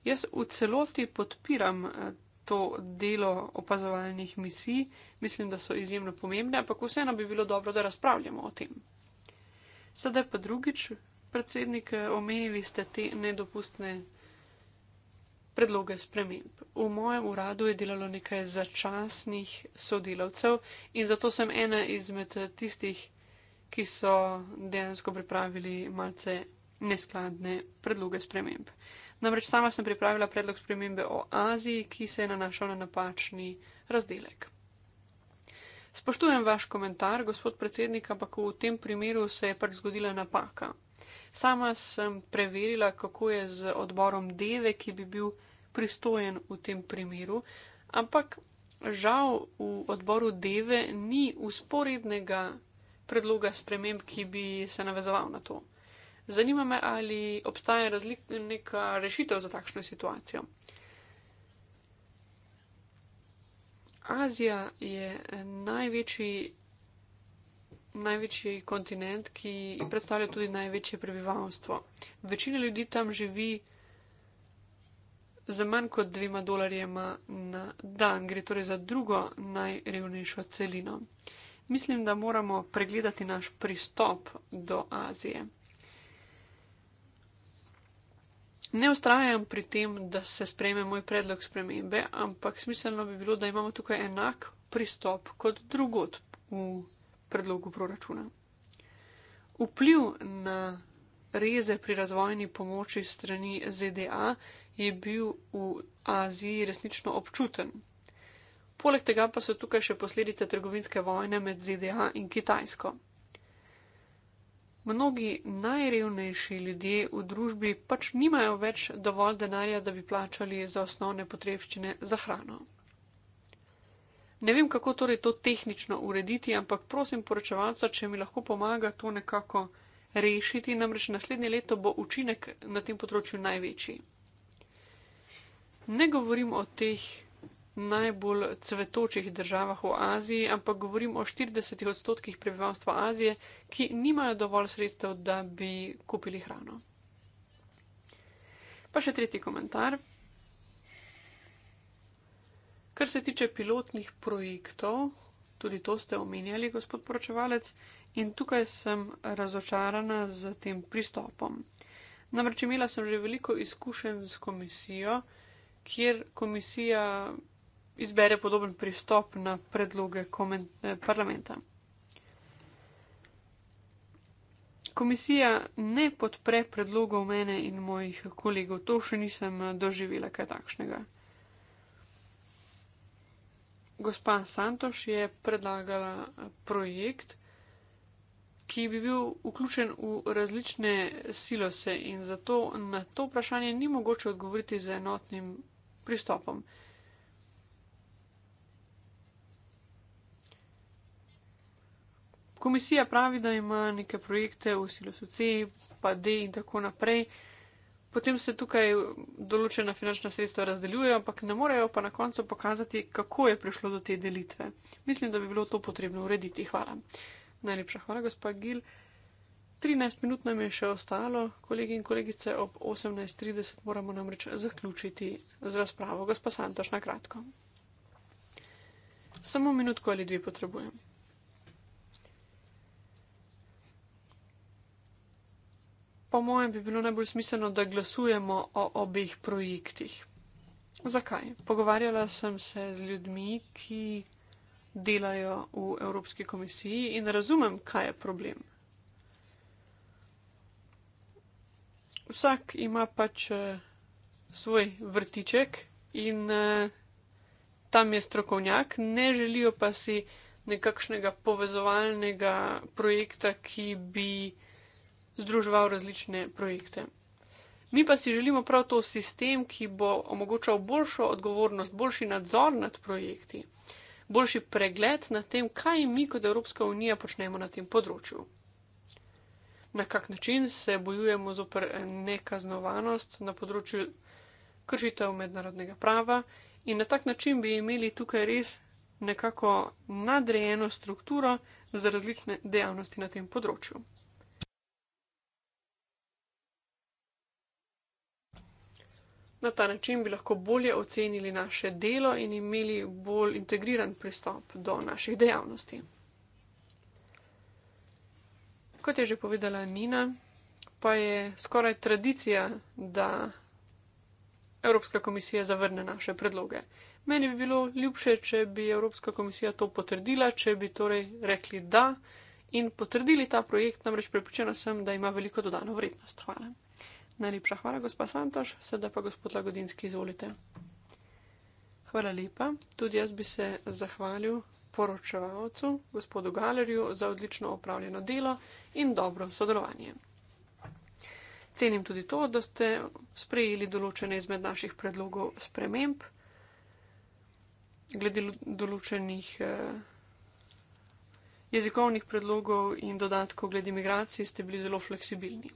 Jaz v celoti podpiram eh, to delo opazovalnih misij, mislim, da so izjemno pomembne, ampak vseeno bi bilo dobro, da razpravljamo o tem. Sedaj pa drugič, predsednik, eh, omenili ste te nedopustne predloge sprememb. V mojem uradu je delalo nekaj začasnih sodelavcev in zato sem ena izmed tistih, ki so dejansko pripravili malce neskladne predloge sprememb. Namreč sama sem pripravila predlog spremembe o Aziji, ki se je nanašal na napačni razdelek. Spoštujem vaš komentar, gospod predsednik, ampak v tem primeru se je pač zgodila napaka. Sama sem preverila, kako je z odborom Deve, ki bi bil pristojen v tem primeru, ampak žal v odboru Deve ni usporednega predloga sprememb, ki bi se navezoval na to. Zanima me, ali obstaja razlik, neka rešitev za takšno situacijo. Azija je največji, največji kontinent, ki predstavlja tudi največje prebivalstvo. Večina ljudi tam živi za manj kot dvema dolarjema na dan, gre torej za drugo najrevnejšo celino. Uh, mislim, da moramo pregledati naš pristop do Azije. Ne ustrajam pri tem, da se sprejme moj predlog spremembe, ampak smiselno bi bilo, da imamo tukaj enak pristop kot drugot v predlogu proračuna. Vpliv na reze pri razvojni pomoči strani ZDA je bil v Aziji resnično občuten. Poleg tega pa so tukaj še posledice trgovinske vojne med ZDA in Kitajsko. Mnogi najrevnejši ljudje v družbi pač nimajo več dovolj denarja, da bi plačali za osnovne potrebščine za hrano. Ne vem, kako torej to tehnično urediti, ampak prosim poročevalca, če mi lahko pomaga to nekako rešiti, namreč naslednje leto bo učinek na tem področju največji. Ne govorim o teh najbolj cvetočih državah v Aziji, ampak govorim o 40 odstotkih prebivalstva Azije, ki nimajo dovolj sredstev, da bi kupili hrano. Pa še tretji komentar. Kar se tiče pilotnih projektov, tudi to ste omenjali, gospod poročevalec, in tukaj sem razočarana z tem pristopom. Namreč imela sem že veliko izkušenj s komisijo, kjer komisija izbere podoben pristop na predloge eh, parlamenta. Komisija ne podpre predlogov mene in mojih kolegov. To še nisem eh, doživela kaj takšnega. Gospa Santoš je predlagala eh, projekt, ki bi bil vključen v različne silose in zato na to vprašanje ni mogoče odgovoriti z enotnim pristopom. Komisija pravi, da ima neke projekte v Silosu C, pa D in tako naprej. Potem se tukaj določena finančna sredstva razdeljujejo, ampak ne morejo pa na koncu pokazati, kako je prišlo do te delitve. Mislim, da bi bilo to potrebno urediti. Hvala. Najlepša hvala, gospa Gil. 13 minut nam je še ostalo. Kolegi in kolegice, ob 18.30 moramo namreč zaključiti z razpravo. Gospa Santoš, na kratko. Samo minutko ali dve potrebujem. po mojem, bi bilo najbolj smiselno, da glasujemo o obeh projektih. Zakaj? Pogovarjala sem se z ljudmi, ki delajo v Evropski komisiji in razumem, kaj je problem. Vsak ima pač eh, svoj vrtiček in eh, tam je strokovnjak, ne želijo pa si nekakšnega povezovalnega projekta, ki bi združeval različne projekte. Mi pa si želimo prav to sistem, ki bo omogočal boljšo odgovornost, boljši nadzor nad projekti, boljši pregled nad tem, kaj mi kot Evropska unija počnemo na tem področju. Na kak način se bojujemo zoper nekaznovanost na področju kršitev mednarodnega prava in na tak način bi imeli tukaj res nekako nadrejeno strukturo za različne dejavnosti na tem področju. Na ta način bi lahko bolje ocenili naše delo in imeli bolj integriran pristop do naših dejavnosti. Kot je že povedala Nina, pa je skoraj tradicija, da Evropska komisija zavrne naše predloge. Meni bi bilo ljubše, če bi Evropska komisija to potrdila, če bi torej rekli da in potrdili ta projekt, namreč prepričana sem, da ima veliko dodano vrednost. Hvala. Najlepša hvala, gospa Santoš, sedaj pa gospod Lagodinski, izvolite. Hvala lepa. Tudi jaz bi se zahvalil poročevalcu, gospodu Galerju, za odlično opravljeno delo in dobro sodelovanje. Cenim tudi to, da ste sprejeli določene izmed naših predlogov sprememb glede določenih eh, jezikovnih predlogov in dodatkov glede migracij ste bili zelo fleksibilni.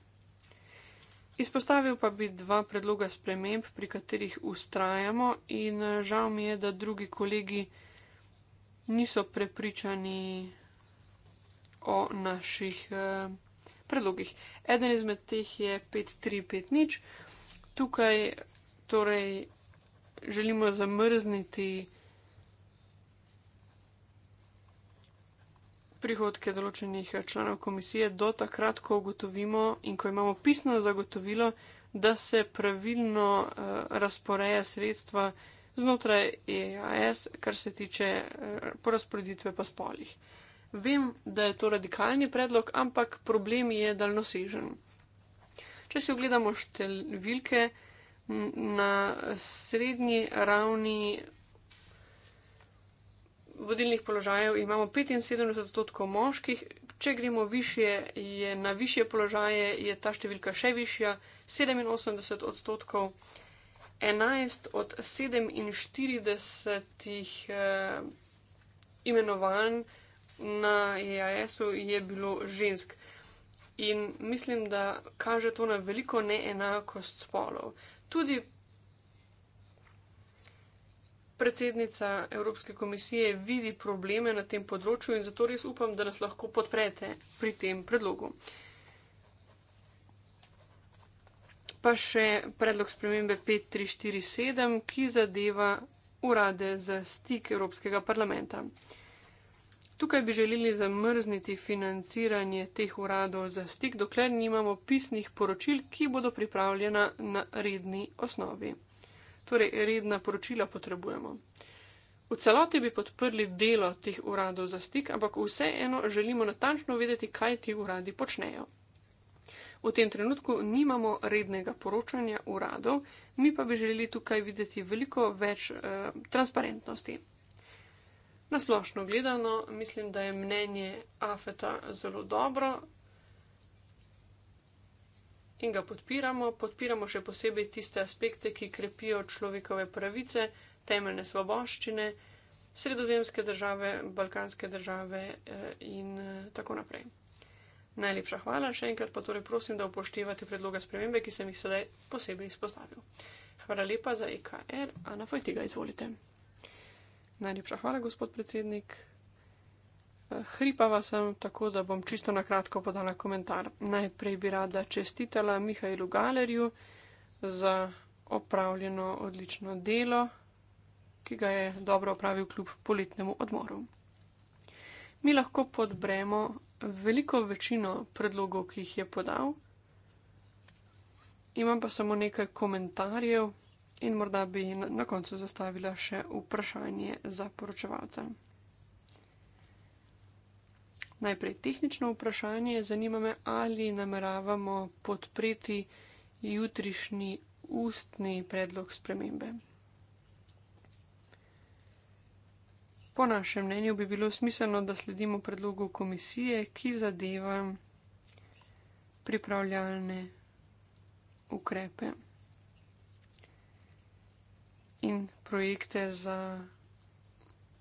Izpostavil pa bi dva predloga sprememb, pri katerih ustrajamo in eh, žal mi je, da drugi kolegi niso prepričani o naših eh, predlogih. Eden izmed teh je 5350. Tukaj torej želimo zamrzniti prihodke določenih članov komisije do takrat, ko ugotovimo in ko imamo pisno zagotovilo, da se pravilno eh, razporeja sredstva znotraj EAS, kar se tiče eh, porazporeditve po spolih. Vem, da je to radikalni predlog, ampak problem je daljnosežen. Če si ogledamo številke, na srednji ravni vodilnih položajev imamo 75 odstotkov moških, če gremo više, na više položaje, je ta številka še višja, 87 odstotkov. 11 od 47 eh, imenovanj na EAS-u je bilo žensk. In mislim, da kaže to na veliko neenakost spolov. Tudi predsednica Evropske komisije vidi probleme na tem področju in zato res upam, da nas lahko podprete pri tem predlogu. Pa še predlog spremembe 5347, ki zadeva urade za stik Evropskega parlamenta. Tukaj bi želeli zamrzniti financiranje teh uradov za stik, dokler nimamo pisnih poročil, ki bodo pripravljena na redni osnovi torej redna poročila potrebujemo. V celoti bi podprli delo teh uradov za stik, ampak vseeno želimo natančno vedeti, kaj ti uradi počnejo. V tem trenutku nimamo rednega poročanja uradov, mi pa bi želeli tukaj videti veliko več e, transparentnosti. Nasplošno gledano, mislim, da je mnenje Afeta zelo dobro, in ga podpiramo. Podpiramo še posebej tiste aspekte, ki krepijo človekove pravice, temeljne svoboščine, sredozemske države, balkanske države eh, in eh, tako naprej. Najlepša hvala še enkrat, pa torej prosim, da upoštevate predloga spremembe, ki sem jih sedaj posebej izpostavil. Hvala lepa za IKR, e Ana Fojtiga, izvolite. Najlepša hvala, gospod predsednik. Hripava sem tako, da bom čisto na kratko podala komentar. Najprej bi rada čestitala Mihajlu Galerju za opravljeno odlično delo, ki ga je dobro opravil kljub poletnemu odmoru. Mi lahko podbremo veliko večino predlogov, ki jih je podal, imam pa samo nekaj komentarjev in morda bi na koncu zastavila še vprašanje za poročevalca. Najprej tehnično vprašanje. Zanima me, ali nameravamo podpreti jutrišnji ustni predlog spremembe. Po našem mnenju bi bilo smiselno, da sledimo predlogu komisije, ki zadeva pripravljalne ukrepe in projekte za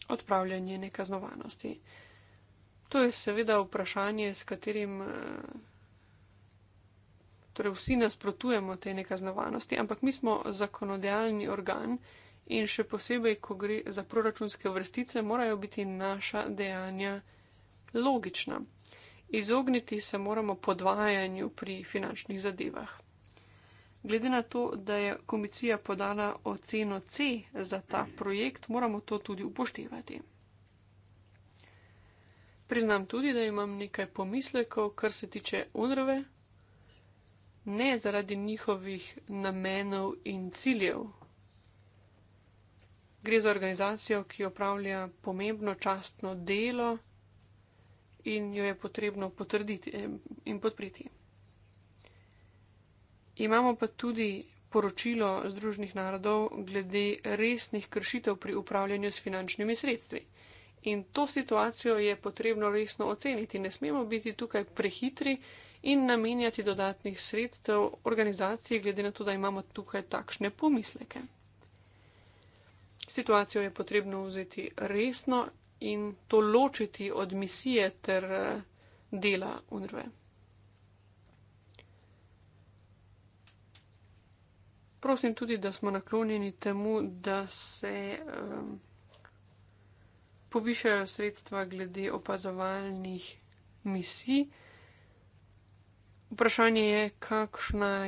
odpravljanje nekaznovanosti. To je seveda vprašanje, s katerim eh, torej vsi nasprotujemo tej nekaznovanosti, ampak mi smo zakonodajni organ in še posebej, ko gre za proračunske vrstice, morajo biti naša dejanja logična. Izogniti se moramo podvajanju pri finančnih zadevah. Glede na to, da je komisija podala oceno C za ta projekt, moramo to tudi upoštevati. Priznam tudi, da imam nekaj pomislekov, kar se tiče UNRWE, ne zaradi njihovih namenov in ciljev. Gre za organizacijo, ki opravlja pomembno častno delo in jo je potrebno potrditi eh, in podpreti. Imamo pa tudi poročilo Združenih narodov glede resnih kršitev pri upravljanju s finančnimi sredstvi. In to situacijo je potrebno resno oceniti. Ne smemo biti tukaj prehitri in namenjati dodatnih sredstev organizaciji, glede na to, da imamo tukaj takšne pomisleke. Situacijo je potrebno vzeti resno in to ločiti od misije ter eh, dela UNRWE. Prosim tudi, da smo naklonjeni temu, da se. Um, povišajo sredstva glede opazovalnih misij. Vprašanje je,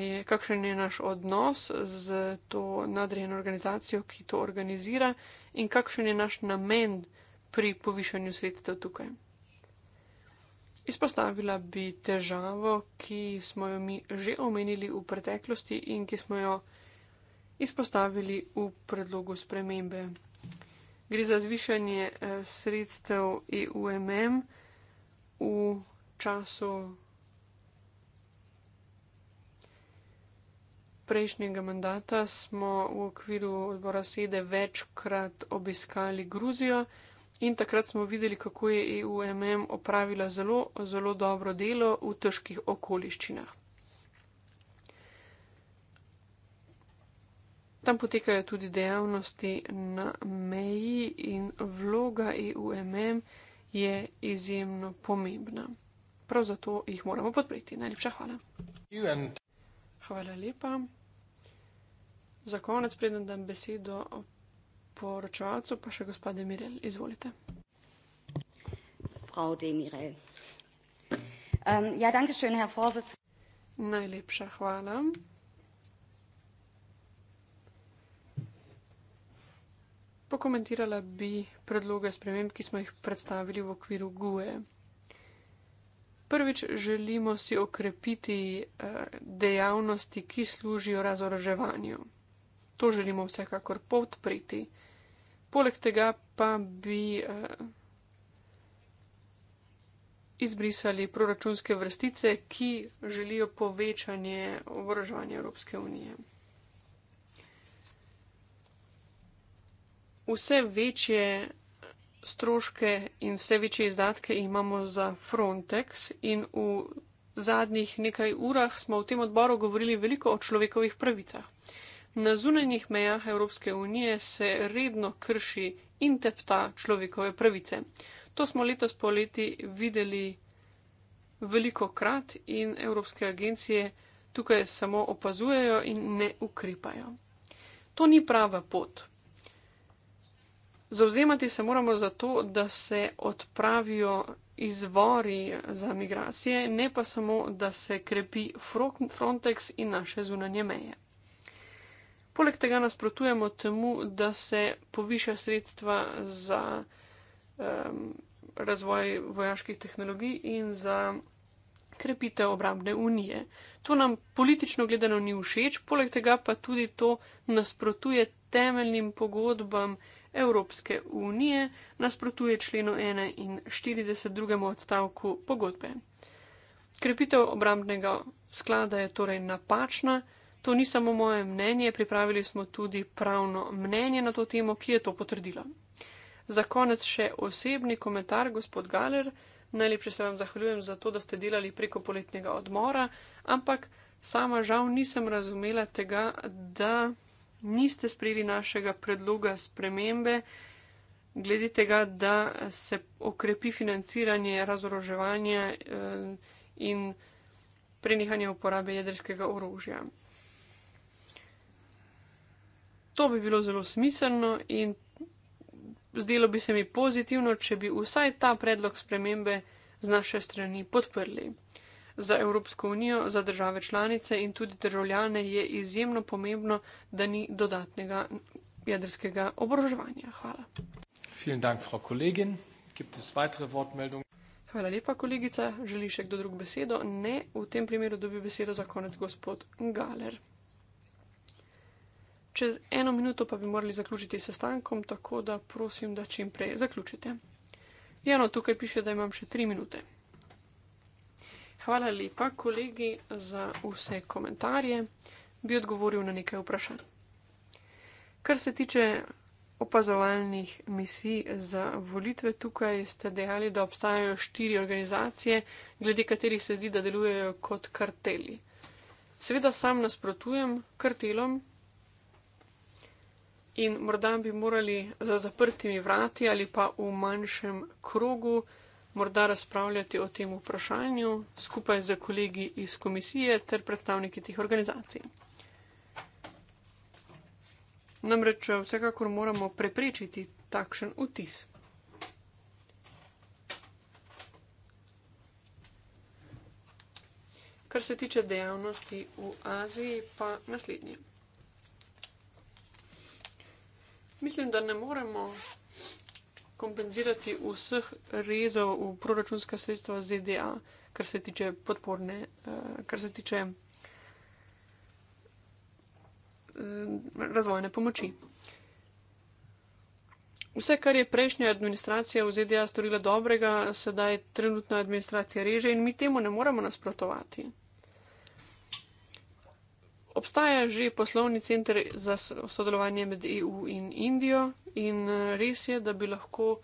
je, kakšen je naš odnos z to nadrejeno organizacijo, ki to organizira, in kakšen je naš namen pri povišanju sredstev tukaj. Izpostavila bi težavo, ki smo jo mi že omenili v preteklosti in ki smo jo izpostavili v predlogu spremembe Gre za zvišanje eh, sredstev EUMM v času prejšnjega mandata. Smo v okviru odbora sede večkrat obiskali Gruzijo in takrat smo videli, kako je EUMM opravila zelo, zelo dobro delo v težkih okoliščinah. Tam potekajo tudi dejavnosti na meji in vloga EUMM je izjemno pomembna. Prav zato jih moramo podpreti. Najlepša hvala. Hvala lepa. Za konec predem dam besedo poročevalcu, pa še gospode Mirel. Izvolite. Prav, Demirel. Um, ähm, ja, danke schön, herr Vorsitz. Najlepša hvala. Pokomentirala bi predloge sprememb, ki smo jih predstavili v okviru GUE. Prvič želimo si okrepiti eh, dejavnosti, ki služijo razoroževanju. To želimo vsekakor podpreti. Poleg tega pa bi eh, izbrisali proračunske vrstice, ki želijo povečanje oboroževanja Evropske unije. vse večje stroške in vse večje izdatke imamo za Frontex in v zadnjih nekaj urah smo v tem odboru govorili veliko o človekovih pravicah. Na zunanjih mejah Evropske unije se redno krši in tepta človekove pravice. To smo letos poleti videli veliko krat in evropske agencije tukaj samo opazujejo in ne ukrepajo. To ni prava pot. Zauzemati se moramo za to, da se odpravijo izvori za migracije, ne pa samo, da se krepi Frontex in naše zunanje meje. Poleg tega nasprotujemo temu, da se poviša sredstva za um, razvoj vojaških tehnologij in za krepitev obrambne unije. To nam politično gledano ni všeč, poleg tega pa tudi to nasprotuje temeljnim pogodbam, Evropske unije nasprotuje členu 41. odstavku pogodbe. Krepitev obrambnega sklada je torej napačna. To ni samo moje mnenje, pripravili smo tudi pravno mnenje na to temo, ki je to potrdila. Za konec še osebni komentar, gospod Galer. Najlepše se vam zahvaljujem za to, da ste delali preko poletnega odmora, ampak sama žal nisem razumela tega, da niste sprejeli našega predloga spremembe, glede tega, da se okrepi financiranje razoroževanja eh, in prenehanje uporabe jedrskega orožja. To bi bilo zelo smiselno in zdelo bi se mi pozitivno, če bi vsaj ta predlog spremembe z naše strani podprli. Za Evropsko unijo, za države članice in tudi državljane je izjemno pomembno, da ni dodatnega jedrskega oboroževanja. Hvala. Hvala lepa, kolegica. Želi še kdo drug besedo? Ne, v tem primeru dobi besedo za konec gospod Galer. Čez eno minuto pa bi morali zaključiti sestankom, tako da prosim, da čim prej zaključite. Jano, tukaj piše, da imam še tri minute. Hvala lepa, kolegi, za vse komentarje. Bi odgovoril na nekaj vprašanj. Kar se tiče opazovalnih misij za volitve, tukaj ste dejali, da obstajajo štiri organizacije, glede katerih se zdi, da delujejo kot karteli. Seveda sam nasprotujem kartelom in morda bi morali za zaprtimi vrati ali pa v manjšem krogu morda razpravljati o tem vprašanju skupaj z kolegi iz komisije ter predstavniki teh organizacij. Namreč vsekakor moramo preprečiti takšen vtis. Kar se tiče dejavnosti v Aziji, pa naslednje. Mislim, da ne moremo kompenzirati vseh rezov v proračunska sredstva ZDA, kar se tiče podporne, eh, kar se tiče eh, razvojne pomoči. Vse, kar je prejšnja administracija v ZDA storila dobrega, sedaj trenutna administracija reže in mi temu ne moremo nasprotovati obstaja že poslovni center za sodelovanje med EU in Indijo in eh, res je, da bi lahko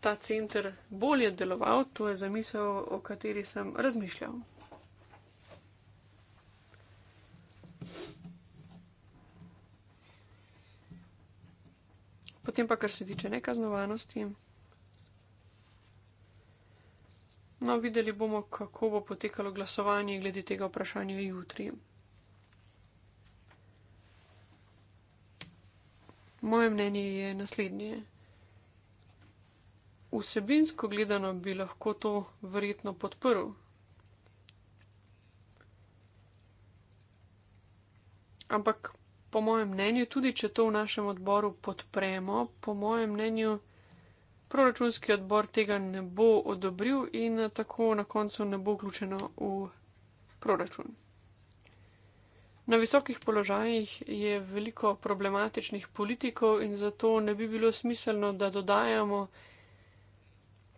ta center bolje deloval. To je zamisel, o kateri sem razmišljal. Potem pa, kar se tiče nekaznovanosti. No, videli bomo, kako bo potekalo glasovanje glede tega vprašanja jutri. Moje mnenje je naslednje. Vsebinsko gledano bi lahko to verjetno podprl. Ampak po mojem mnenju, tudi če to v našem odboru podpremo, po mojem mnenju proračunski odbor tega ne bo odobril in tako na koncu ne bo vključeno v proračun. Na visokih položajih je veliko problematičnih politikov in zato ne bi bilo smiselno, da dodajamo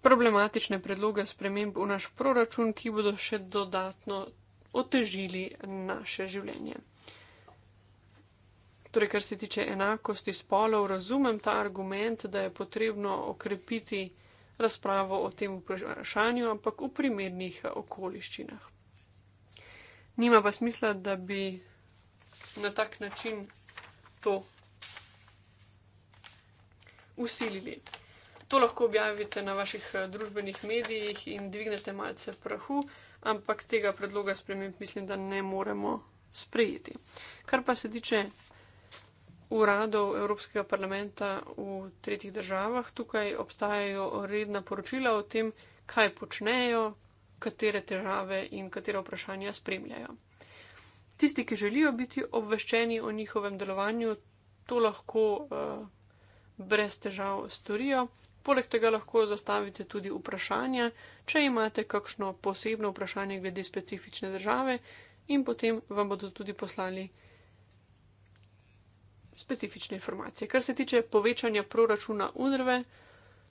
problematične predloge sprememb v naš proračun, ki bodo še dodatno otežili naše življenje. Torej, kar se tiče enakosti spolov, razumem ta argument, da je potrebno okrepiti razpravo o tem vprašanju, ampak v primernih okoliščinah. Nima pa smisla, da bi na tak način to usilili. To lahko objavite na vaših eh, družbenih medijih in dvignete malce prahu, ampak tega predloga sprememb mislim, da ne moremo sprejeti. Kar pa se tiče uradov Evropskega parlamenta v tretjih državah, tukaj obstajajo redna poročila o tem, kaj počnejo, katere težave in katere vprašanja spremljajo tisti, ki želijo biti obveščeni o njihovem delovanju, to lahko eh, brez težav storijo. Poleg tega lahko zastavite tudi vprašanja, če imate kakšno posebno vprašanje glede specifične države in potem vam bodo tudi poslali specifične informacije. Kar se tiče povečanja proračuna UNRVE,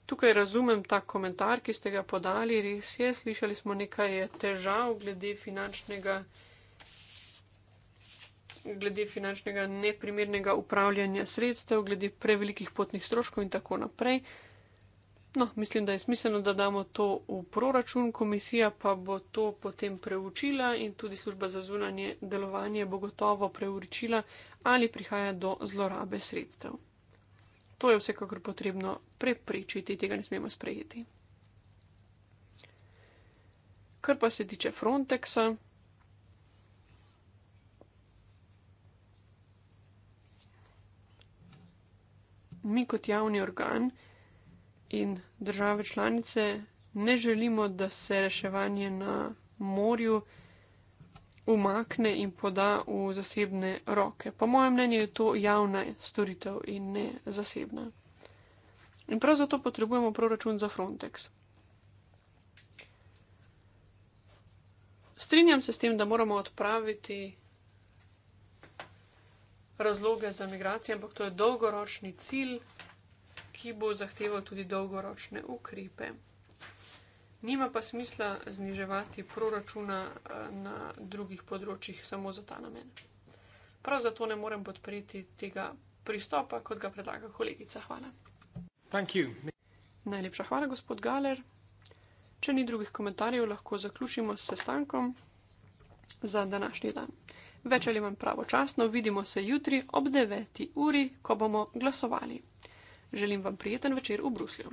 tukaj razumem ta komentar, ki ste ga podali, res je, slišali smo nekaj težav glede finančnega glede finančnega neprimernega upravljanja sredstev, glede prevelikih potnih stroškov in tako naprej. No, mislim, da je smiselno, da damo to v proračun, komisija pa bo to potem preučila in tudi služba za zunanje delovanje bo gotovo preučila, ali prihaja do zlorabe sredstev. To je vsekakor potrebno preprečiti, tega ne smemo sprejeti. Kar pa se tiče Frontexa, mi kot javni organ in države članice ne želimo, da se reševanje na morju umakne in poda v zasebne roke. Po mojem mnenju je to javna storitev in ne zasebna. In prav zato potrebujemo proračun za Frontex. Strinjam se s tem, da moramo odpraviti razloge za migracije, ampak to je dolgoročni cilj, ki bo zahteval tudi dolgoročne ukrepe. Nima pa smisla zniževati proračuna eh, na drugih področjih samo za ta namen. Prav zato ne morem podpreti tega pristopa, kot ga predlaga kolegica. Hvala. Najlepša hvala, gospod Galer. Če ni drugih komentarjev, lahko zaključimo s sestankom za današnji dan več ali manj pravočasno, vidimo se jutri ob 9. uri, ko bomo glasovali. Želim vam prijeten večer v Bruslju.